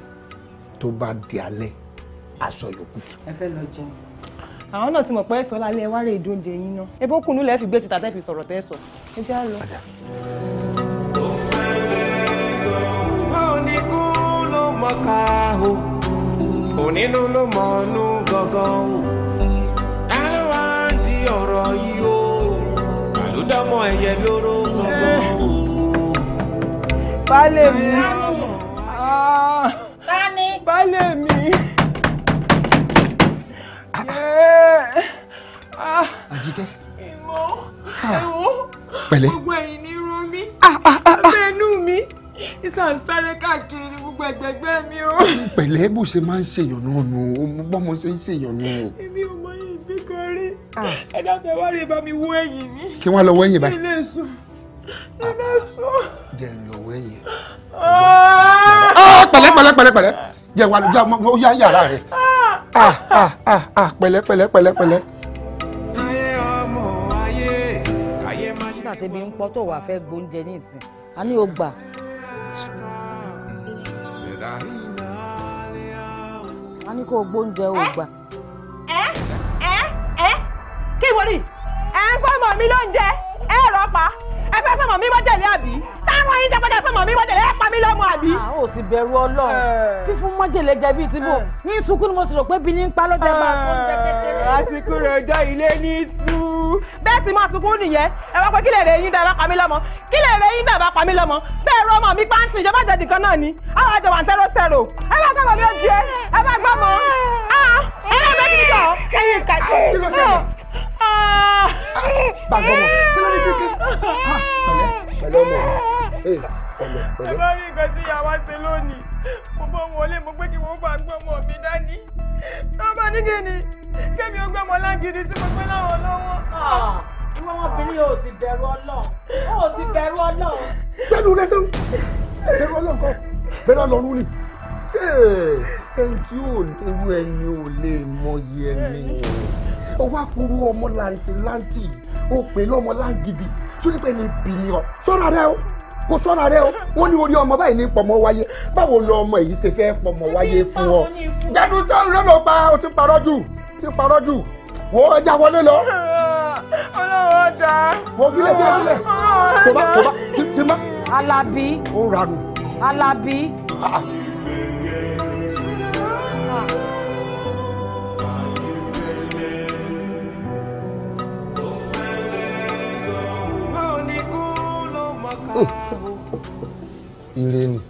[SPEAKER 5] tó bá di alẹ́ aṣọ yòókù.
[SPEAKER 3] ẹ fẹ́ lọ jẹun àwọn náà ti mọ̀ pé sọlá lẹ wá rè ìdóúnjẹ yín náà ebó kùnú lẹ fi gbé títà tẹ fi sọ̀rọ̀ tẹ sọ ẹ jẹ́ àlọ́.
[SPEAKER 1] oníkú ló mọ ká o onínú ló mọ ọnú gangan o ẹni wá di ọ̀rọ̀ yìí o àlùdọ́mọ ẹ̀yẹ lóró gangan o.
[SPEAKER 2] baálé mi ah. baálé mi àjíkẹ́. ìmọ̀ ah, ẹ̀wọ̀ gbogbo ẹ̀yìn ní irun mi abẹ́nú ah, ah, mi ìsànsáré káàkiri ní gbogbo ẹgbẹgbẹ mi o.
[SPEAKER 5] pẹ̀lẹ́ bó ṣe máa ń ṣèyàn náà nù ó mú bọ́mọ ṣe ń ṣèyàn nù.
[SPEAKER 2] èmi ò mọ ibi kan rí ẹ dábẹ́ wá rí bá mi wọ ẹ̀yìn mi. kí wọ́n lọ wọ ẹ̀yìn báyìí. ilé sùn ilé sùn.
[SPEAKER 5] jẹ́ ń lọ wọ ẹ̀yìn. pẹ̀lẹ́ pẹ̀lẹ́ pẹ̀lẹ́ pẹ̀lẹ́ jẹ́ wà lójà ó yá yàrá rẹ̀ ah ah ah ah pẹ̀lẹ́ pẹ̀lẹ́ pẹ̀lẹ́ pẹ̀lẹ́.
[SPEAKER 3] nígbà tẹ́bi ń pọ́ tó wàá fẹ́ gbóúnjẹ ní ìsìn a ní o gbà. a ní kó o gbóúnjẹ o gbà. ẹ ẹ ẹ kí wọ́n rí ẹ̀ ń pọ́ mọ̀ mi lóúnjẹ ẹ̀ rọ́pa ẹ fẹ́ pọ́ mọ̀ mi wọ́n tẹ̀lé àbí táwọn yìí jẹpẹjẹ fún mọ̀ mi pa mí lọ́mọ àbí. Ah, ó sì bẹ̀rù ọlọ́run eh. fífún májèlé jẹ bíi tìbò eh. ní sunkún ni mo sì rò pé bí ní pa ló jẹ bá tó ń jẹ kékeré. Ah, àsìkò rẹ̀ ọjọ́ ilé ní tú. bẹ́ẹ̀ ti máa sunkún nìyẹn ẹ wá pé kí lè rè yín dàbá pa mí lọ́mọ kí lè rè yín dàbá pa mí lọ́mọ bẹ́ẹ̀ rọ ọmọ mi pàǹtì ìjọba jẹ̀dì kan náà ni
[SPEAKER 2] gbàgbọ́mọ̀ kí ló ní sí kí
[SPEAKER 5] pẹ̀lẹ́ pẹ̀lẹ́ ọmọ mi pẹ̀lẹ́ pẹ̀lẹ́. ẹ bá
[SPEAKER 2] rí nǹkan tí ìyàwó ṣe lónìí mo bọ́ wọlé mo pé kí wọ́n bá gbọ́ ọmọ mi dání ọba nígbè ni kémi ó gbọ́mọ lágidi tí mo gbé láwọn lọ́wọ́. Ah, ìwọ ọmọbìnrin ò sì bẹ̀rù ọlọ́run ò sì bẹ̀rù ọlọ́run. bẹ́ẹ̀ ni o lẹ́sẹ̀
[SPEAKER 5] bẹ̀rù ọlọ́run kọ́ bẹ́ẹ̀ lọ́run ni ẹni tí ò nírú ẹni ò lè mọyì ẹni ó wá kúrú ọmọ làǹtìláǹtì ó pè lọ́mọ láǹgìdì sórí pé ní bìnìyàn sọ́ra rẹ o kò sọ́ra rẹ o wọ́n ní orí ọmọ báyìí ní pọ̀mọ́ wáyé báwo lọ ọmọ yìí ṣe fẹ́ pọ̀mọ́ wáyé fún ọ. gbẹdú tó lọ́nà pa o ti parọ́ jù ti parọ́ jù wo ẹja wọlé lọ.
[SPEAKER 3] olówó da. wo
[SPEAKER 5] filẹ filẹ filẹ tó bá tó bá
[SPEAKER 3] ti ti má. Alábí.
[SPEAKER 1] Oh.
[SPEAKER 5] ire ni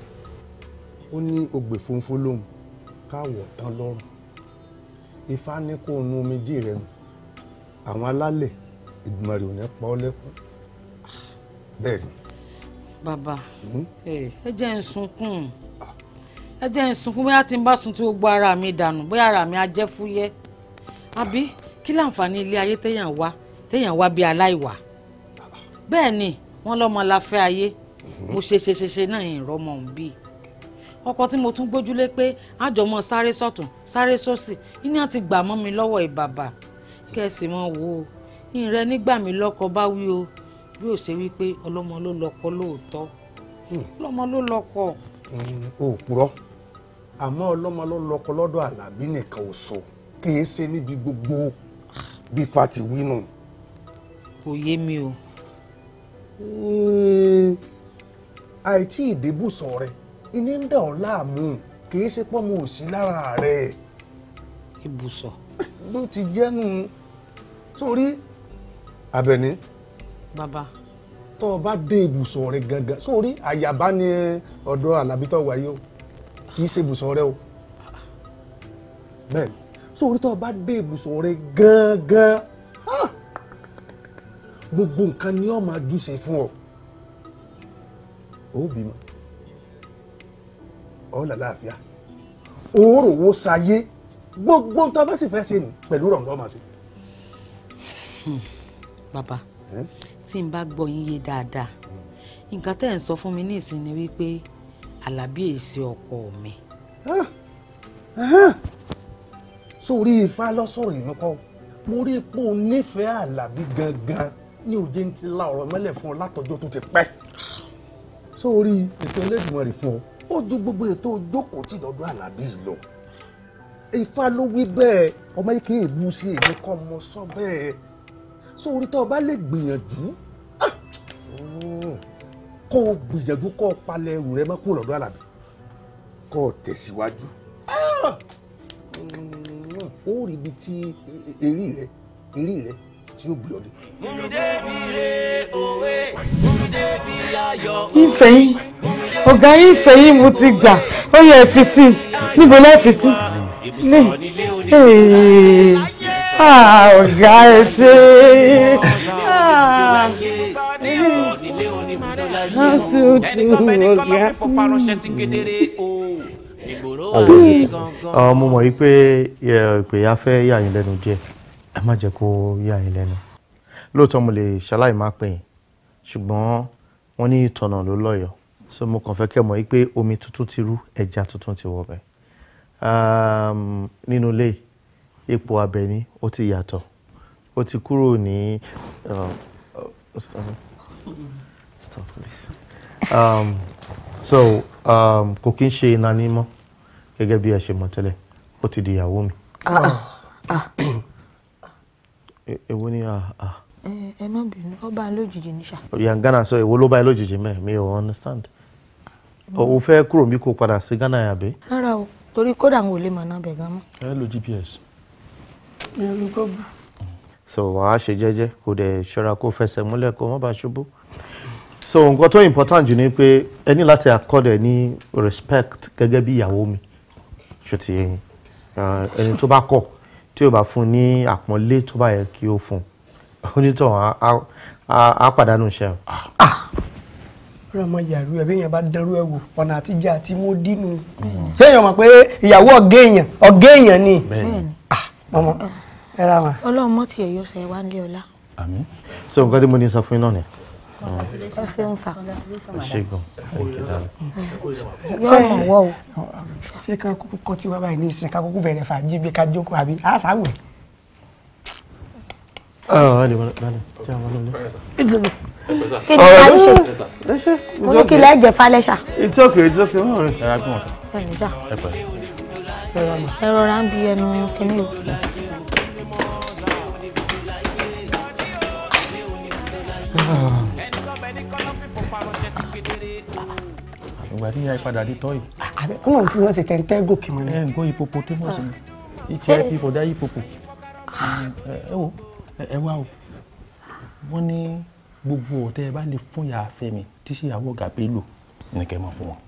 [SPEAKER 5] ó ní ogbè funfun lòun káwọ̀ tán lọ́rùn ifá ní kó nu omijé rẹ nù àwọn alálẹ̀ ìgbìmọ̀ rẹ̀ ò ní pa ọ́ lẹ́kún
[SPEAKER 2] bẹ́ẹ̀ ni. bàbá
[SPEAKER 6] hmm?
[SPEAKER 3] ẹ jẹ́ ń sunkún ẹ jẹ́ ń sunkún bóyá tí n bá sun tí gbogbo ara mi dànù bóyá ara mi á jẹ́ fúyẹ́ àbí kí láǹfààní ilé ayé téèyàn wá téèyàn wá bíi aláìwà bẹ́ẹ̀ ni wọ́n lọ́mọ la fẹ́ ayé mo ṣe ṣe ṣe ṣe náà ìrọ́mọ ń bí ọkọ tí mo tún gbójúlé pé àjọmọ sáré sọ̀tún sáré sósì iná ti gbà mọ́ mi lọ́wọ́ ìbàbà kẹ́sì mọ́ wò ó ìrẹ nígbà mi lọ́kọ bá wí o bí ó ṣe wípé ọlọ́mọ ló lọ́kọ lóòótọ́ hmm. ọlọ́mọ ló lọ́kọ.
[SPEAKER 5] Hmm, o ò purọ́ àmọ́ ọlọ́mọ ló lọ́kọ lọ́dọ̀ àlàbí nìkan ò sọ kì í ṣe níbi gbogbo bí fati wínú.
[SPEAKER 3] kò yé mi o. Hmm,
[SPEAKER 5] àìtí ìdébùsọ̀ rẹ iní ń dà laa láàmú kii ṣe pọ́nmu ò sí lára rẹ. ibùsọ̀. ló ti jẹ́nu sórí Àbẹ̀ní. bàbá. tó o bá dé ibùsọ̀ rẹ gangan sórí àyàbá ni ọ̀dọ̀ alábítọ̀ wáyé o kìí ṣe ibùsọ̀ rẹ o bẹẹ sórí tó o bá dé ibùsọ̀ rẹ gangan. gbogbo nǹkan ni ó máa júṣe fún ọ ó bímọ ọ làlàáfíà òórùn wo sáyé gbogbo nǹkan bá sì fẹ́ ṣe nù pẹ̀lú rọ̀ǹdọ́ máa ṣe.
[SPEAKER 3] bàbá tí n bá gbọ́ yín yé dáadáa nǹkan tẹ́ ẹ̀ ń sọ fún mi ní ìsìn ni wípé alábí èsì ọkọ mi.
[SPEAKER 5] sórí ifá lọ́sọ̀rọ̀ ìnúkọ́ mo rí ipò nífẹ̀ẹ́ alábí gangan ní òjé ń ti la ọ̀rọ̀ mẹ́lẹ̀ fún ọ látọjọ́ tó ti pẹ́ sórí ètò Elédùmarè fún ọ ó ju gbogbo ètò ojókòó tì lọ́dún Àlàbí lọ Ifá ló wí bẹ́ẹ̀ ọmọ yìí kì í bu sí èmi kọ́ mọ sọ bẹ́ẹ̀ sórí tó o bá lè gbìyànjú ah! hmm. kó o gbìyànjú kó o palẹ̀ ẹrù rẹ mọ́kù lọ́dún Àlàbí kó o tẹ̀síwájú ah! hmm. ó rí ibi tí e-, e-, eré rẹ eré rẹ tí ó gbìyànjú.
[SPEAKER 2] ìfẹ́ yín ọ̀gá ìfẹ́ yín mo ti gbà ó yẹ ẹ fi sí níbo lẹ fi sí
[SPEAKER 1] lè eh, ah, ọ̀gá ẹ ṣe. Lásìkò ah, ah, ọ̀gá.
[SPEAKER 4] Mo mọ̀ wípé ìpèyà fẹ́ yà yín lẹ́nu jẹ́, ẹ má jẹ́ kó yà yín lẹ́nu. Lóòótọ́ mo lè ṣaláì má pè yín, ṣùgbọ́n wọ́n ní ìtọ̀nà ló lọ́yọ̀ so mo kàn fẹ́ kẹ́ mọ̀ pé omi tuntun ti rú ẹja tuntun ti wọ̀ bẹ̀ um, nínú ilé ipò abẹni ó ti yàtọ̀ ó ti kúrò ní um, stop please um, so kò kí ń ṣe iná ní mọ́ gẹ́gẹ́ bí ẹ ṣe mọ̀ tẹ́lẹ̀ ó ti di ìyàwó mi. èwo ah, ah, ah. e, ni ah ah
[SPEAKER 3] ẹ má bínú ó bá lójijì ní sà.
[SPEAKER 4] ìyá Ghana sọ èwo ló bá lójijì mẹ mi ò understand o fẹ́ kúrò bí kò padà sí Ghana àbí.
[SPEAKER 3] rárá o torí kódà n ò lè mọ̀ náà bẹ̀ gan mọ́.
[SPEAKER 6] ẹ lo GPS.
[SPEAKER 2] ẹ lo gọ́gbà.
[SPEAKER 4] so wàá ṣe jẹ́jẹ́ kó dẹ̀ ṣọ́ra kó fẹsẹ̀ múlẹ̀ kó má bàa ṣubú. so nǹkan tó important jù ni pé ẹ ní láti accord ẹ ní respect gẹ́gẹ́ bí ìyàwó mi ṣùtì ẹni tó bá kọ̀ tí o bá fún ní àpọ́nlé tó bá yẹ kí o fún un onítàn á pàdánù iṣẹ́ o.
[SPEAKER 2] ọ̀rọ̀ ọmọ yàrá ẹ̀ bí èèyàn bá dánrú ẹ̀ wò ọ̀nà àtijọ́ àti mú dínú ṣé èèyàn mọ̀ pé ìyàwó ọ̀gẹ́ èèyàn ni ah, ọlọ́run
[SPEAKER 3] mọ́ tiẹ̀ yóò ṣe wá nílé ọlá.
[SPEAKER 4] so nǹkan tí mo ní sọ fún yín náà ni.
[SPEAKER 2] ẹ ṣeun sá. ṣègùn yóò mọ̀ wọ́ o. ṣé ká kúkú kọ́ tí wọ́n báyìí ní ìsìn ká kúkú bẹ̀rẹ̀ fàájì bí ká jókòó àbí àṣà wẹ̀ kí ni ayé ṣe mo ní kí ilé ẹ̀jẹ̀ falẹ̀ ṣá.
[SPEAKER 4] it's okay it's okay wọ́n rẹ̀ ẹ̀rọ agbọ̀n
[SPEAKER 2] ọ̀sán. ẹ̀rọ
[SPEAKER 3] ra ń bi ẹnu kínní o.
[SPEAKER 7] ìgbà tí ìyá ìpadà dé tọ́ yìí.
[SPEAKER 2] àbẹ kọ́nà tí wọ́n ṣe tẹ́ntẹ́ gòkè mọ́ ni. ẹ ń gbọ́
[SPEAKER 7] ẹ wá o wọ́n ní gbogbo ọ̀tẹ́ ẹ bá lè fún ìyá Fẹ́mi tí sí ìyàwó ọ̀gá Bello ní kẹ́ ẹ máa fún wọn.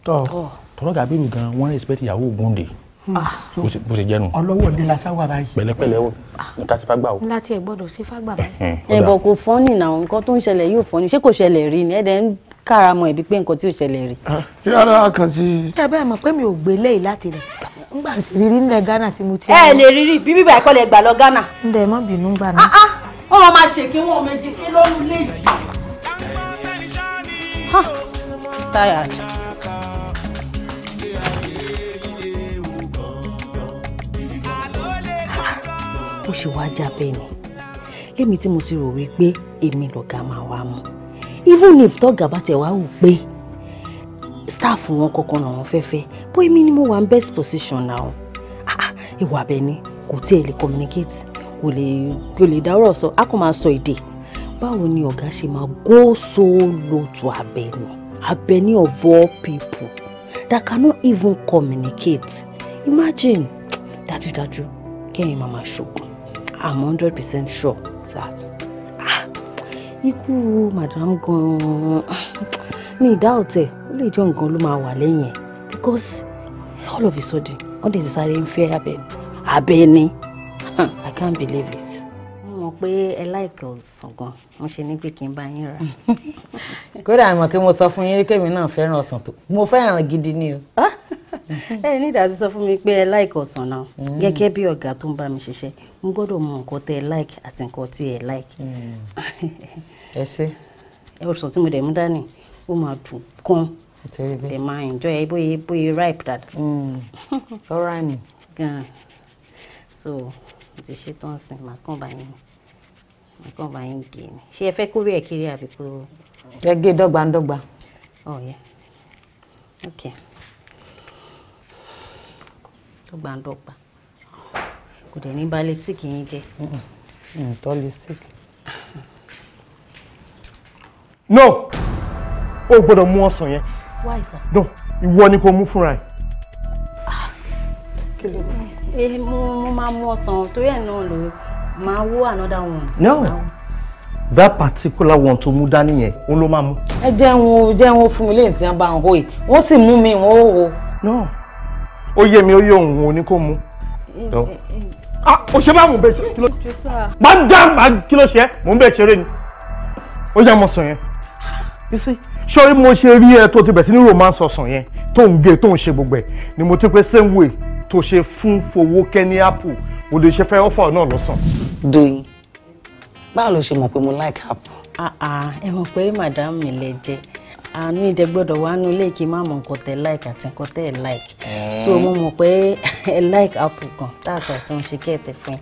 [SPEAKER 7] tọ́lọ́ ọ̀gá Bello gan wọ́n respect ìyàwó Ògúndé hmm. ah. bó ṣe jẹnu. ọlọ́wọ́ ni la sáwà báyìí. pẹ̀lẹ́pẹ̀lẹ́ o ní ah. ká sí fágbà o. ńlá
[SPEAKER 3] tí ẹ gbọ́dọ̀ sí fágbà báyìí. ẹ̀bọ̀ kò fọ́nì náà nǹkan tó ń ṣẹlẹ̀ yóò fọ́nì ṣé kò ṣẹlẹ̀ rí ni ẹ̀dẹ̀ ń káramọ̀ ẹ̀bí pé nǹkan tí ò ṣẹlẹ̀ rí.
[SPEAKER 1] kí ah, ara kan ti.
[SPEAKER 3] sábà mọ̀ pé mi ò gbé léyìí láti rẹ̀ ńgbà rírí ńlẹ̀ Ghana tí mo ti. ẹ lè rírí bíbí bàá kọ́lẹ̀ gbà lọ Ghana. ǹdẹ̀ mọ́ bínú gbà náà wọn máa ṣèké wọn méje ké lórí ilé yìí. tired. bó ṣe wá já bẹ́ẹ̀ ni lémi tí mo ti rò wípé èmi lọ̀gá máa wá mú even if tọ́gà bá tẹ̀ wá wò pé staff wọn kọ̀ọ̀kan làwọn fẹ́ fẹ́ bó èmi ni mo wà in best position now ah, ah, ìwà bẹ́ẹ̀ ni kò tiẹ̀ lè communicate kò lè kò lè dáwọ́rọ̀ sọ a kò máa sọ èdè báwo ni ọ̀gá ṣe máa go so low to Abeni Abeni of all people that cannot even communicate imagine dájúdájú kẹ́yìn máa máa ṣoògùn i'm hundred percent sure of that ah, ikú madam gan-an ah, mi ì dá ọ̀tẹ̀ ó lè jọ nǹkan ló máa wà lẹ́yìn ẹ̀ because all of a sudden wọ́n lè sáré ń fẹ́ Abeni Abeni. I can't believe it. mo mọ̀ pé ẹ láìkẹ́ ọsàn gan mo ṣe ní pé kí n bá yín rà. kódà àmọ́ kí mo sọ fún yín kémi náà fẹ́ràn ọsàn tó mo fẹ́ràn gidi ni o. Ah! ẹ ní ìdásí sọ fún mi pé ẹ láìkẹ́ ọsàn náà mm. gẹ́gẹ́ bí ọ̀gá tó ń bá mi ṣiṣẹ́ mo gbọ́dọ̀ mọ nǹkan tẹ ẹ láìkẹ́ àti nǹkan tí ẹ láìkẹ́. Mm. ẹ ṣe. ẹ ọsàn tí mo dẹ̀ mú dání ó máa dùn gan dẹ̀ máa enjoy bóyá bóyá ripe dáadáa. ọ̀rá mm. so mo ti ṣe tán sìn màá kàn bá yín màá kàn bá yín gé ni ṣé ẹ fẹ́ kórè ẹ̀ kiri àbí kó. ẹ gé dọ́gba ń dọ́gba. oh yeah okay dọ́gba ń dọ́gba kò dẹ̀ ní balẹ̀ tí kì í jẹ. ǹtọ́ lè sèkì. no
[SPEAKER 4] o gbọ́dọ̀ mú ọsàn yẹn. why sir. no ìwọ ni kò mú fúnra ẹ.
[SPEAKER 3] Ah. kí ló dé. Eh, mo máa mú ọsàn torí ẹ̀ náà ló máa another one. No. That
[SPEAKER 4] particular one to mú dání yẹn, òun ló máa mú.
[SPEAKER 3] Ẹ jẹun o, jẹun o fún mi lẹ́yìn tí wọ́n bá ń hó yìí. Wọ́n sì mú mi, wọ́n o? wo. No. Ó yé mi, o yé òun, òun ni kò eh,
[SPEAKER 2] eh, eh.
[SPEAKER 4] Ah, o ṣe máa mú bẹ́ẹ̀ ṣe kí ló ṣe. Má dá má kí ló ṣe é, mò ń bẹ́ẹ̀ ṣeré ni. Ó yá mo sàn yẹn. You see sọ́rí mo ṣe rí ẹ tó ti bẹ̀ sí ní romance ọ̀sán yẹn tó ń gé tó ń ṣe gbogbo ẹ̀ ni mo ti pé same way tó ṣe fún Fowókẹ́ ní apple o lè ṣe fẹ́ ọ́fà náà lọ́sàn. Doyin báwo ló ṣe mọ̀ pé mo
[SPEAKER 3] like apple. ẹ mọ̀ pé madam mi lè jẹ́ àánú ìdẹ gbọ́dọ̀ wà nínú ilé kí n má mọ̀ nǹkan tẹ́ like àti nǹkan tẹ́ like so mo mọ̀ pé ẹ like apple kan táàtù àti wọn ṣe kẹtẹ fún ẹ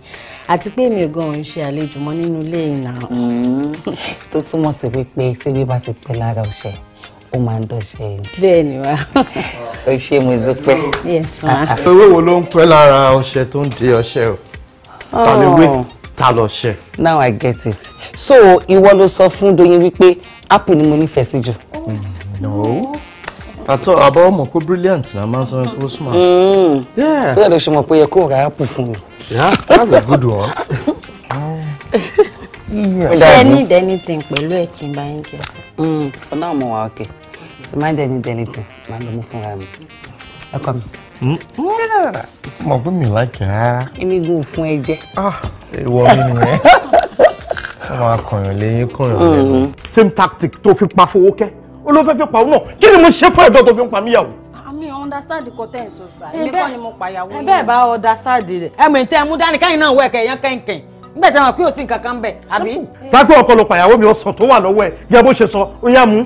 [SPEAKER 3] àti pé èmi gan ò ń ṣe àlejò mọ́ nínú ilé yìí náà. Mm-hmm. tó túmọ̀ sí wípé síbí bá ti pẹ́ lára ọ̀ṣẹ́ ó máa ń dọ́ṣẹ́ ni. bẹ́ẹ̀ ni o ṣe mo dúpẹ́. yes ma. Ah, ah. ewé wo
[SPEAKER 4] ló ń pẹ́ lára ọṣẹ tó ń di ọṣẹ o
[SPEAKER 3] ta oh.
[SPEAKER 4] ta lọ ṣẹ. now i get it
[SPEAKER 3] so ìwọ ló sọ fún Doyin wípé apple ni mo nífẹ̀ẹ́ sí jù.
[SPEAKER 4] no àtọ àbọ̀ ọmọ pé brilliant na máa ń sọ pé ó smart.
[SPEAKER 3] Mm. bẹ́ẹ̀ ló ṣe mọ̀ pé yẹ kó ra apple fún mi. yeah that's a good one. ṣé ẹ need anything pẹ̀lú ẹ̀ kí n bá yín kí ẹ ti. for now mo wà okay so mind any anything
[SPEAKER 1] máa ń lọ mú fúnra mi
[SPEAKER 4] ẹ kọ́ mi. Mm,
[SPEAKER 3] mm.
[SPEAKER 4] mo gbé mi láìkì e rárá.
[SPEAKER 3] èmi gùn fún ẹ jẹ. Ah, ìwọ mi nìyẹn
[SPEAKER 4] wọn akọyàn lẹ́yìn kọyàn lẹ́nu. Mm-hmm. same tactic tó fi pa fowó kẹ́
[SPEAKER 3] olófẹ́ fi pa òun náà kí ni mo ṣe fún ẹ̀dọ́ tó fi ń pa mí yàwó ah, mi understand kò tẹ̀ ń sọ sáà èmi kọ́ ni mo pàyàwó yẹn. ẹ bẹ́ẹ̀ bá understand rẹ̀ ẹ mọ̀ ní tẹ́ ẹ mú dání káyìn náà wọ ẹ̀kẹ́ yẹn kẹ́ńkẹ́ń nígbà tí àwọn pé òsín kankan bẹ̀ àbí. pápẹ́ ọkọ
[SPEAKER 4] ló pàyàwó mi ọsàn tó wà lọ́wọ́ ẹ̀ yẹ bó ṣe sọ ó yá mú.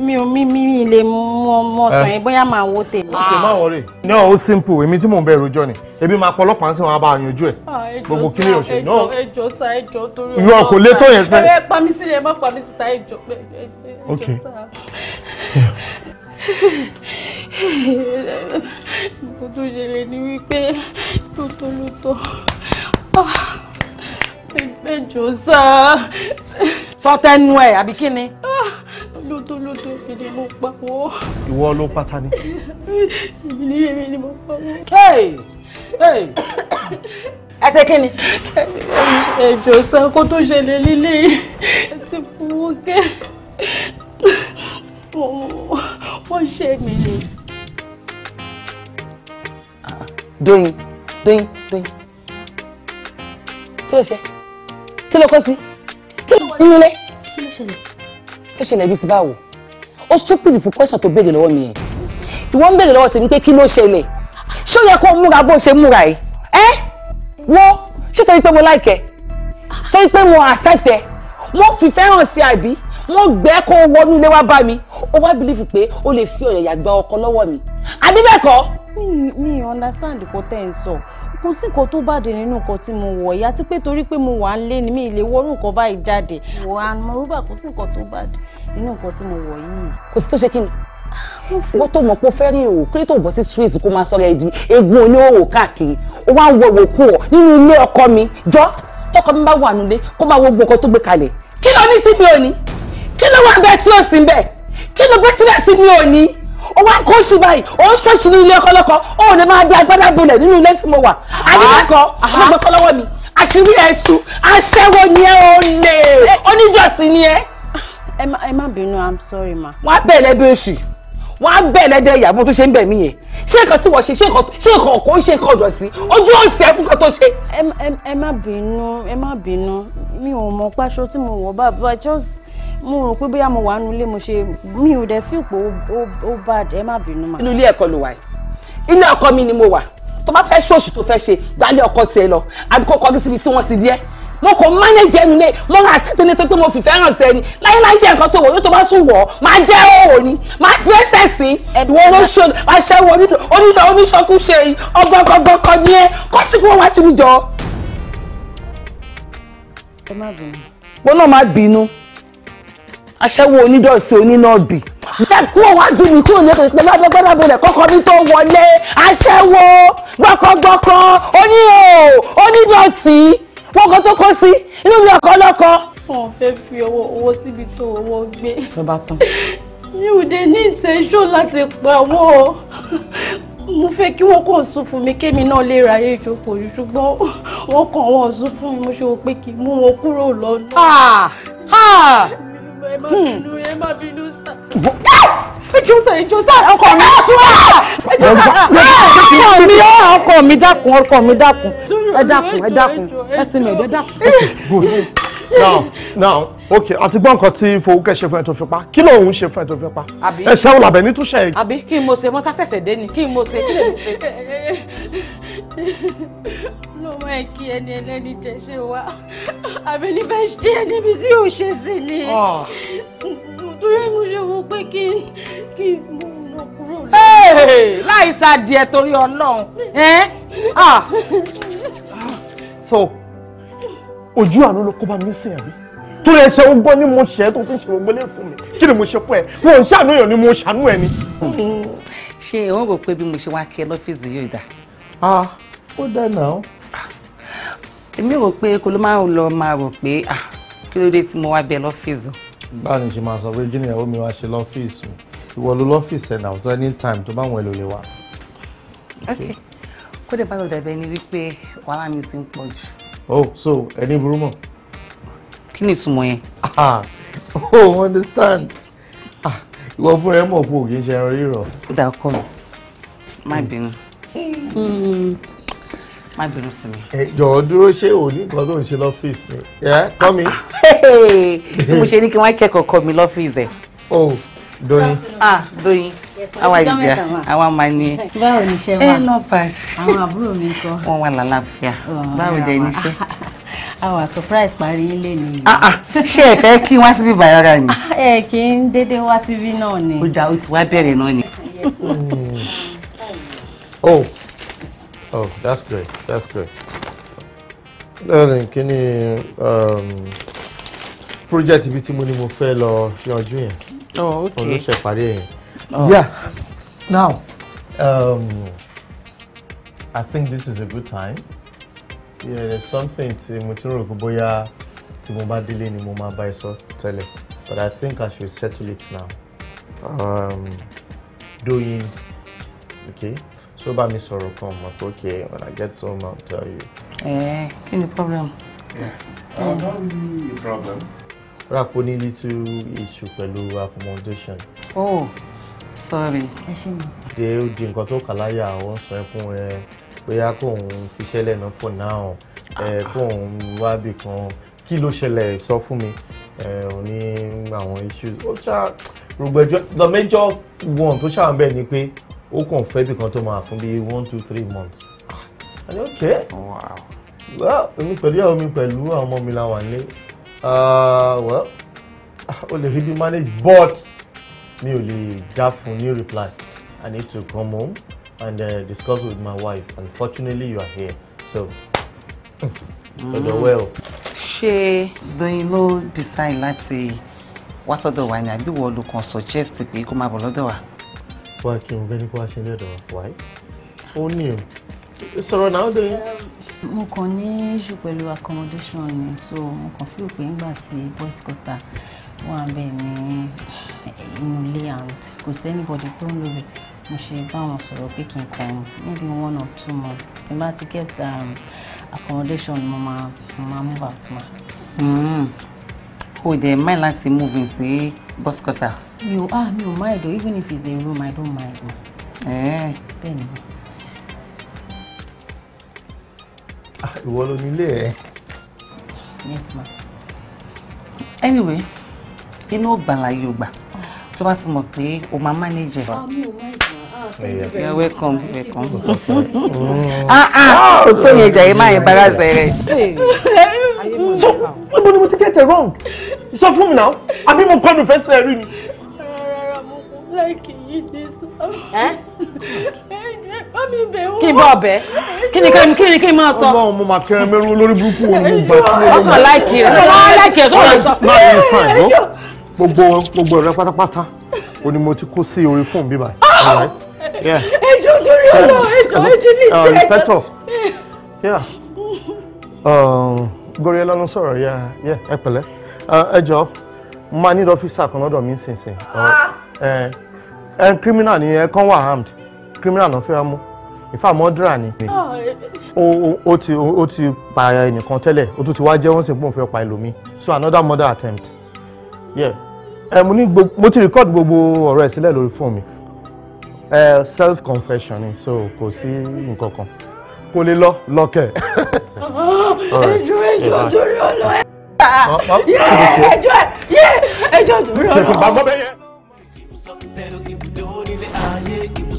[SPEAKER 3] mi ò mi mi lè mú ọsàn yẹn bóyá máa wo tèmi. ok má wọlé.
[SPEAKER 4] ní ọ̀ ó simple èmi tí mò ń bẹ rojọ́ ni èmi máa pọ ọlọ́pàá sí wọn bá yanjú ẹ̀ ah, gbogbo kílẹ̀ òṣè náà.
[SPEAKER 3] ẹjọ́ sa ẹjọ́ torí ọlọ́pàá ìwọ kò lé tó yẹn fẹ́. ẹ pa mí sílẹ̀ ẹ má pa mí síta ẹjọ́ sa
[SPEAKER 1] kò tó ni wípé tó tó ẹgbẹ́ jò sá.
[SPEAKER 3] sọ tẹnu ẹ àbí kí ni.
[SPEAKER 2] lótó ah, lótó èdè mo pa wọ́.
[SPEAKER 4] ìwọ ló pátá ni.
[SPEAKER 2] ìdílé èmi ni mo pa wọ́.
[SPEAKER 3] ẹ ṣe kí ni. ẹjọ sá kó tó ṣẹlẹ̀ lílé ẹ
[SPEAKER 1] ti fowó kẹ́
[SPEAKER 3] wọ́n ṣe mí ni.
[SPEAKER 4] Ah, doyin,
[SPEAKER 3] doyin, doyin kí ló ṣe kí ló kó sí kí ló wọ nínú ilé kí ló ṣẹlẹ̀ kí ló ṣẹlẹ̀ bí ti báwo ó stupid fún question tó béèrè lọ́wọ́ mi yẹn ìwọ ń béèrè lọ́wọ́ tèmi pé kí ló ṣẹlẹ̀ ṣé ó yẹ kó múra bó ṣe múra yìí ẹ wo ṣé torí pé mo láìkẹ torí pé mo accept ẹ wọ́n fi fẹ́ràn sí àbí wọ́n gbẹ́ kó wọnú ilé wá bá mi ó wá bìlífù pé ó lè fi ọ̀yàyà gba ọkọ lọ́wọ́ mi àbí bẹ́ẹ̀ kọ́ mi mi understand nǹkan tẹ́ ń sọ kò sí nǹkan tó bàjẹ́ nínú nǹkan tí mo wọ̀ yìí àti pé torí pé mo wà ń lé ni mi lè wọ́rù nǹkan báyìí jáde wọ àmọ́ rúbà kò sí nǹkan tó bàjẹ́ nínú nǹkan tí mo wọ̀ yìí. kò sí tó ṣe kí ni ah, wọ́n tó mọ̀ pé ó fẹ́ rí òwò kí ló tó bọ́ sí street kó máa sọ̀rọ̀ ẹ̀ di egun oníhòòhò káàkiri ó wá ń wọ òwò kú ọ nínú ilé ọkọ mi jọ tọkọ mi bá wà nílé kó máa wo gbogbo tó gbé kalẹ̀ kí ló ní síbi òní kí ló wà bẹ́ẹ̀ tí ó sì ń bẹ́ẹ̀ kí ló gbé síbẹ̀ síbi òní ó wá kó sí báyìí ó ń ṣọ́ọ̀ṣì ní ilé ọkọ lọ́kọ ó lè máa di agbádá bolẹ̀ nínú ilé tí mo wà adébákọ ọlọ́kọ lọ́wọ́ mi àṣírí ẹ̀ tú aṣẹ́wó ni ẹ ò lè onídọ̀sí ni ẹ. ẹ má bínú i'm sorry ma. wọ́n á bẹ̀rẹ̀ bí
[SPEAKER 7] oṣù wọ́n á bẹ̀ lẹ́dẹ̀ ìyàbọ̀ tó ṣe ń bẹ̀ mí yẹn ṣé nǹkan tí wọ́n ṣe ṣé nǹkan ṣé nǹkan ṣe nǹkan ọ̀dọ̀ sí ojú ọ̀sẹ̀ fún kan tó ṣe.
[SPEAKER 3] ẹ má bínú ẹ má bínú mi ò mọ páṣọ tí mo wọ But just mo rò pé bóyá mo wà nínú ilé mo ṣe mi ò dẹ̀ feel pé ó bad ẹ má bínú mà. inú ilé ẹ̀kọ́ ló wà yìí ilé ọkọ mi ni mo wà tó bá fẹ́ ṣòṣù tó fẹ́ ṣe gbálẹ̀ ọkọ tiẹ̀ lọ àbíkó kọ́gí síbi tí mo kò manage ẹnu mo ra síte ní pé mo fìfẹ́ hàn sẹ́ni láyé láyé jẹ́ nǹkan tó wọ̀ yóò tó bá tún wọ̀ máa jẹ́ òwò ni máa fi ẹsẹ̀ sí ìwọ olóṣò aṣẹ́wó onídọ̀ oníṣọ́kú ṣe ọgbọ́nkọ́gbọ́nkọ́ ni ẹ kó sì kú wọn wá tún mi jọ. wọn náà má bínú aṣẹ́wó onídọ̀tí onínàbì ẹ kúrò wá ju mi kúrò ní ẹsẹ̀ pẹ̀lú agbẹ́gbẹ́dàbọ̀lẹ̀ wọ́n kan tó kó sí inú mi ọkọ lọ́kọ. wọn fẹ́ fi owó owó síbi tó owó gbé. ló bá tán. mi ò dé ní intention láti pa owó mo fẹ́ kí wọ́n kàn sún fún mi kémi náà lè ra ayé ìjókòó yìí ṣùgbọ́n wọ́n kàn wọ́n sún fún mi mo ṣe wò pé kí n mú wọn kúrò lọ́nà.
[SPEAKER 7] Hmm. ẹ má bínú ẹ má bínú sá.
[SPEAKER 3] ìjọsà ìjọsà ọkọ mi.
[SPEAKER 7] ìjọsà ọkọ mi
[SPEAKER 3] ọkọ mi dákun ọkọ mi dákun ẹ dákun ẹ dákun ẹ sinmi ẹ̀dẹ́ dákun.
[SPEAKER 4] good now now okay àti gbọ́n nǹkan tí fowókẹ́ ṣe fún ẹ tó fi pa kí ló ń ṣe fún ẹ tó fi pa
[SPEAKER 3] ẹ ṣẹ́wọ́n làbẹ̀ ní túṣẹ̀ yìí. àbí kí n mo ṣe mo ṣàṣẹ̀ṣẹ̀ dé ni kí n mo ṣe kí lè mi ṣe. lọ́wọ́ ẹ kí ẹni ẹlẹ́ni jẹ ṣe wá àbí ní bá ẹni bí sí ò ni ah. torí mo ṣe wo pé kí kí mo láì ṣàdìẹ torí Ọlọ́run so ojú
[SPEAKER 4] àánú ló kó bá mi sìn àbí tó lè ṣe ogbó ni mo ṣe tó fi ṣe ogbó lè fún mi kí ni mo ṣe fún ẹ mo ń ṣàánú èèyàn ni mo
[SPEAKER 3] ṣàánú ẹ ni. ṣé ò ń rò pé bí mo ṣe wá kí ẹ lọ́fíìsì yóò dà. ah ó dá náà. èmi rò pé kó ló máa ń lọ máa rò pé kí ló dé tí mo wá bẹ lọ́fíìsì.
[SPEAKER 4] báwo ni ṣe máa sọ pé junior omi wá ṣe lọ́fíìsì ìwọ ló lọ́fíìsì ẹ̀ náà so anytime tó bá wọn èlò lè wà.
[SPEAKER 3] ok kó dé bàtọ̀ dẹ̀bẹ̀ ni wípé wàhálà mi ti ń pọ̀ jù.
[SPEAKER 4] oh so ẹni burú mọ̀. kí ni ìtumọ̀ yẹn. Ah, oh understand ah, ìwọ fúnra ẹ mọ̀ pé òkè ṣe ẹran rírọ̀. dàkọ̀ má hmm.
[SPEAKER 8] bínú
[SPEAKER 1] hmm.
[SPEAKER 4] má bínú sí mi. ẹ eh, jọ̀ọ́ dúró ṣé o ní nǹkan tó ń ṣe lọ́fíìsì ni
[SPEAKER 3] eh, ẹ kọ́ mi. tí mo ṣe ní kí wọ́n kẹ́kọ̀ọ́ kọ́ mi lọ́fíìsì ẹ̀. Oh, Doyin. Ah, Doyin. Àwọn àìjà àwọn àmàní. Báwo ni iṣẹ́ wa? Ẹ náà pàṣẹ. Àwọn àbúrò mi kọ. Wọ́n wà lálàáfíà. Oh, Báwo jẹ́ níṣẹ́? Our surprise parí ilé ni. Ah, ah. Ṣé ẹ fẹ́ kí wá síbí bàyára ni? Ah, ẹ kì í dédé wá síbí náà ni. Ó dà ó ti wá bẹ̀rẹ̀ náà ni. Hmm. Oh, oh,
[SPEAKER 4] that's great, that's great. Darling, kí um, project ibi tí mo ní mo fẹ́ lọ yanjú yẹn? Oh, oh okay olóṣè oh. yeah now um, I think this is a good time yeah there's something to mo ti rò pé bóyá tí mo bá délé ni mo máa but I think I should settle it now
[SPEAKER 1] um,
[SPEAKER 4] doing okay so bá mi sọ̀rọ̀ kan mo okay when I get home I'll tell you.
[SPEAKER 3] Eh? Any problem. Yeah. Um, uh, not really a problem.
[SPEAKER 4] Rapo ní little issue pẹ̀lú accommodation.
[SPEAKER 3] Oh, sorry. Ẹ ṣe mi.
[SPEAKER 4] Ṣé ó di nǹkan tó kà láyà àwọn sọ ẹkún ẹ bóyá kò ń fiṣẹ́ lẹ́nu for now ẹ kò ń wábì kan kí ló ṣẹlẹ̀ sọ fún mi ẹ o ní àwọn issues. Ó ṣá rògbẹ́jọ́ the major one tó ṣàwọn bẹ́ẹ̀ ni pé ó kàn fẹ́ bì kan tó máa fún bíi one two three months. Àní okay. Wow. Well, èmi pẹ̀lú ìyàwó mi pẹ̀lú àwọn ọmọ mi la wà ní uh, well o lè rí manage but mi ò lè dá fún ní reply i need to come home and uh, discuss with my wife unfortunately you are here so hmm. ọ̀dọ̀ wẹ́ o.
[SPEAKER 3] ṣé Doyin ló design láti wá sọ́dọ̀ wa ni àbí wọ́n ló kàn suggest pé kó máa bọ̀ lọ́dọ̀ wa.
[SPEAKER 4] wá kí n fẹ́ ní kó wá ṣe lẹ́dọ̀ wa wáyé
[SPEAKER 3] ó ní o sọ̀rọ̀ náà Doyin. Um, mo kàn ní issue pẹ̀lú accommodation ni so mo kàn feel pé ńgbà tí boys quarter wà bẹ́ẹ̀ ní inú ilé and kò sẹ́nibọ̀dì tó ń lò rẹ̀ mo ṣe bá sọ̀rọ̀ pé kí n kàn maybe one or two months tí n bá ti get um, accommodation mo máa mo máa move out ma. Hmm. o dẹ̀ mind láti move in sí boys quarter. mi ò ah mi ò mind o even if it's a room i don't mind ma. Eh. bẹ́ẹ̀ ni.
[SPEAKER 4] ìwọ ló nílé ẹ.
[SPEAKER 3] yes ma anyway inú ògbà láyé ògbà tó bá sì mọ̀ pé o máa manage. Ah,
[SPEAKER 2] ah, you're welcome
[SPEAKER 3] welcome. ah ah o tó yẹ jàyè máa yẹn bára zẹrẹ.
[SPEAKER 4] so níbo ni mo ti get it wrong sọ fún mi náà àbí mo kọ́ mi fẹ́ sẹ́ẹ̀rì ni. rárá
[SPEAKER 8] mo kò
[SPEAKER 2] láìkì yìí dé sọ. kí n bọ̀ ọ̀bẹ kí
[SPEAKER 4] ni kí ni kí ni máa sọ. ọlọ́run mo máa kẹrin mẹ́rin olórí burúkú wo ni mo gbà sí. ọkàn láìkì rẹ ọkàn láìkì rẹ tó lọ sọ. má mi fà ẹ̀ mo gbogbo ọ̀rẹ́ pátápátá o ni mo ti kó sí orí fóònù bíbá. Ah! ẹjọ́ torí ọlọ́run ni. ẹjọ́ ní uh, Yeah. inspector um, Goriola ló ń yeah. ẹ pẹ̀lẹ́ uh, ẹ jọ máa ní ọ́fíìsà kan lọ́dọ̀ mi sínsìn ah! uh, eh, ẹ criminal ni ẹ kàn wà armed criminal náà fẹ́ mú ìfà mọ́dúrà ni ó ah, ti ó ti pa ẹnìkan tẹ́lẹ̀ ó tún ti wá jẹ́ wọ́n sì ń pòun fẹ́ pa ẹlòmíì so another murder attempt yeah ẹ eh, mo ní mo ti record gbogbo ọ̀rọ̀ ẹ̀ sílẹ̀ lórí fóònù mi eh, self confession ni so kò sí nǹkan kan kò
[SPEAKER 2] lè lọ lọkẹ.
[SPEAKER 1] ẹjọ́ ẹjọ́ torí ọlọ ẹ. Ah,
[SPEAKER 7] ah, ẹjọ́ ẹjọ́ torí ọlọ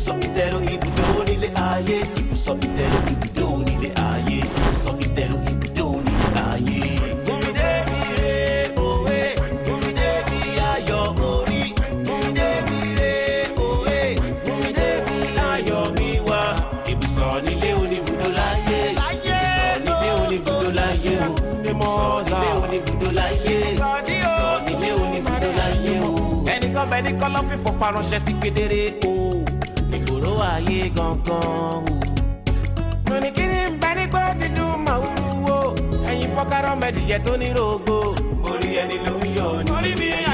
[SPEAKER 1] ibùsọ̀ ìtẹ̀rù ibùdó nílé ayé ibùsọ̀ le ibùdó nílé ayé ibùsọ̀ ìtẹ̀rù ibùdó nílé ayé. Omidé mi re òwe, omidé mi ayọ̀ orí. Omidé mi re òwe, omidé mi ayọ̀ mi wá. Ibùsọ̀ nílé oníbùdó láyé. Ibùsọ̀ nílé oníbùdó láyé o. Ibùsọ̀ nílé oníbùdó láyé. Ibùsọ̀ nílé oníbùdó láyé o. Ẹnìkan bẹ ní kọ́lọ́fín fọ̀pá ránṣẹ́ sí kedere o. Oh ayé gangan o. nonìkíní ń bẹ nígbà dídú màwúrú wo ẹ̀yin fọ́kárọ́ mẹ́dìyẹ tó ní rògbò. orí ẹni ló ń yọ ní. orí mi yà.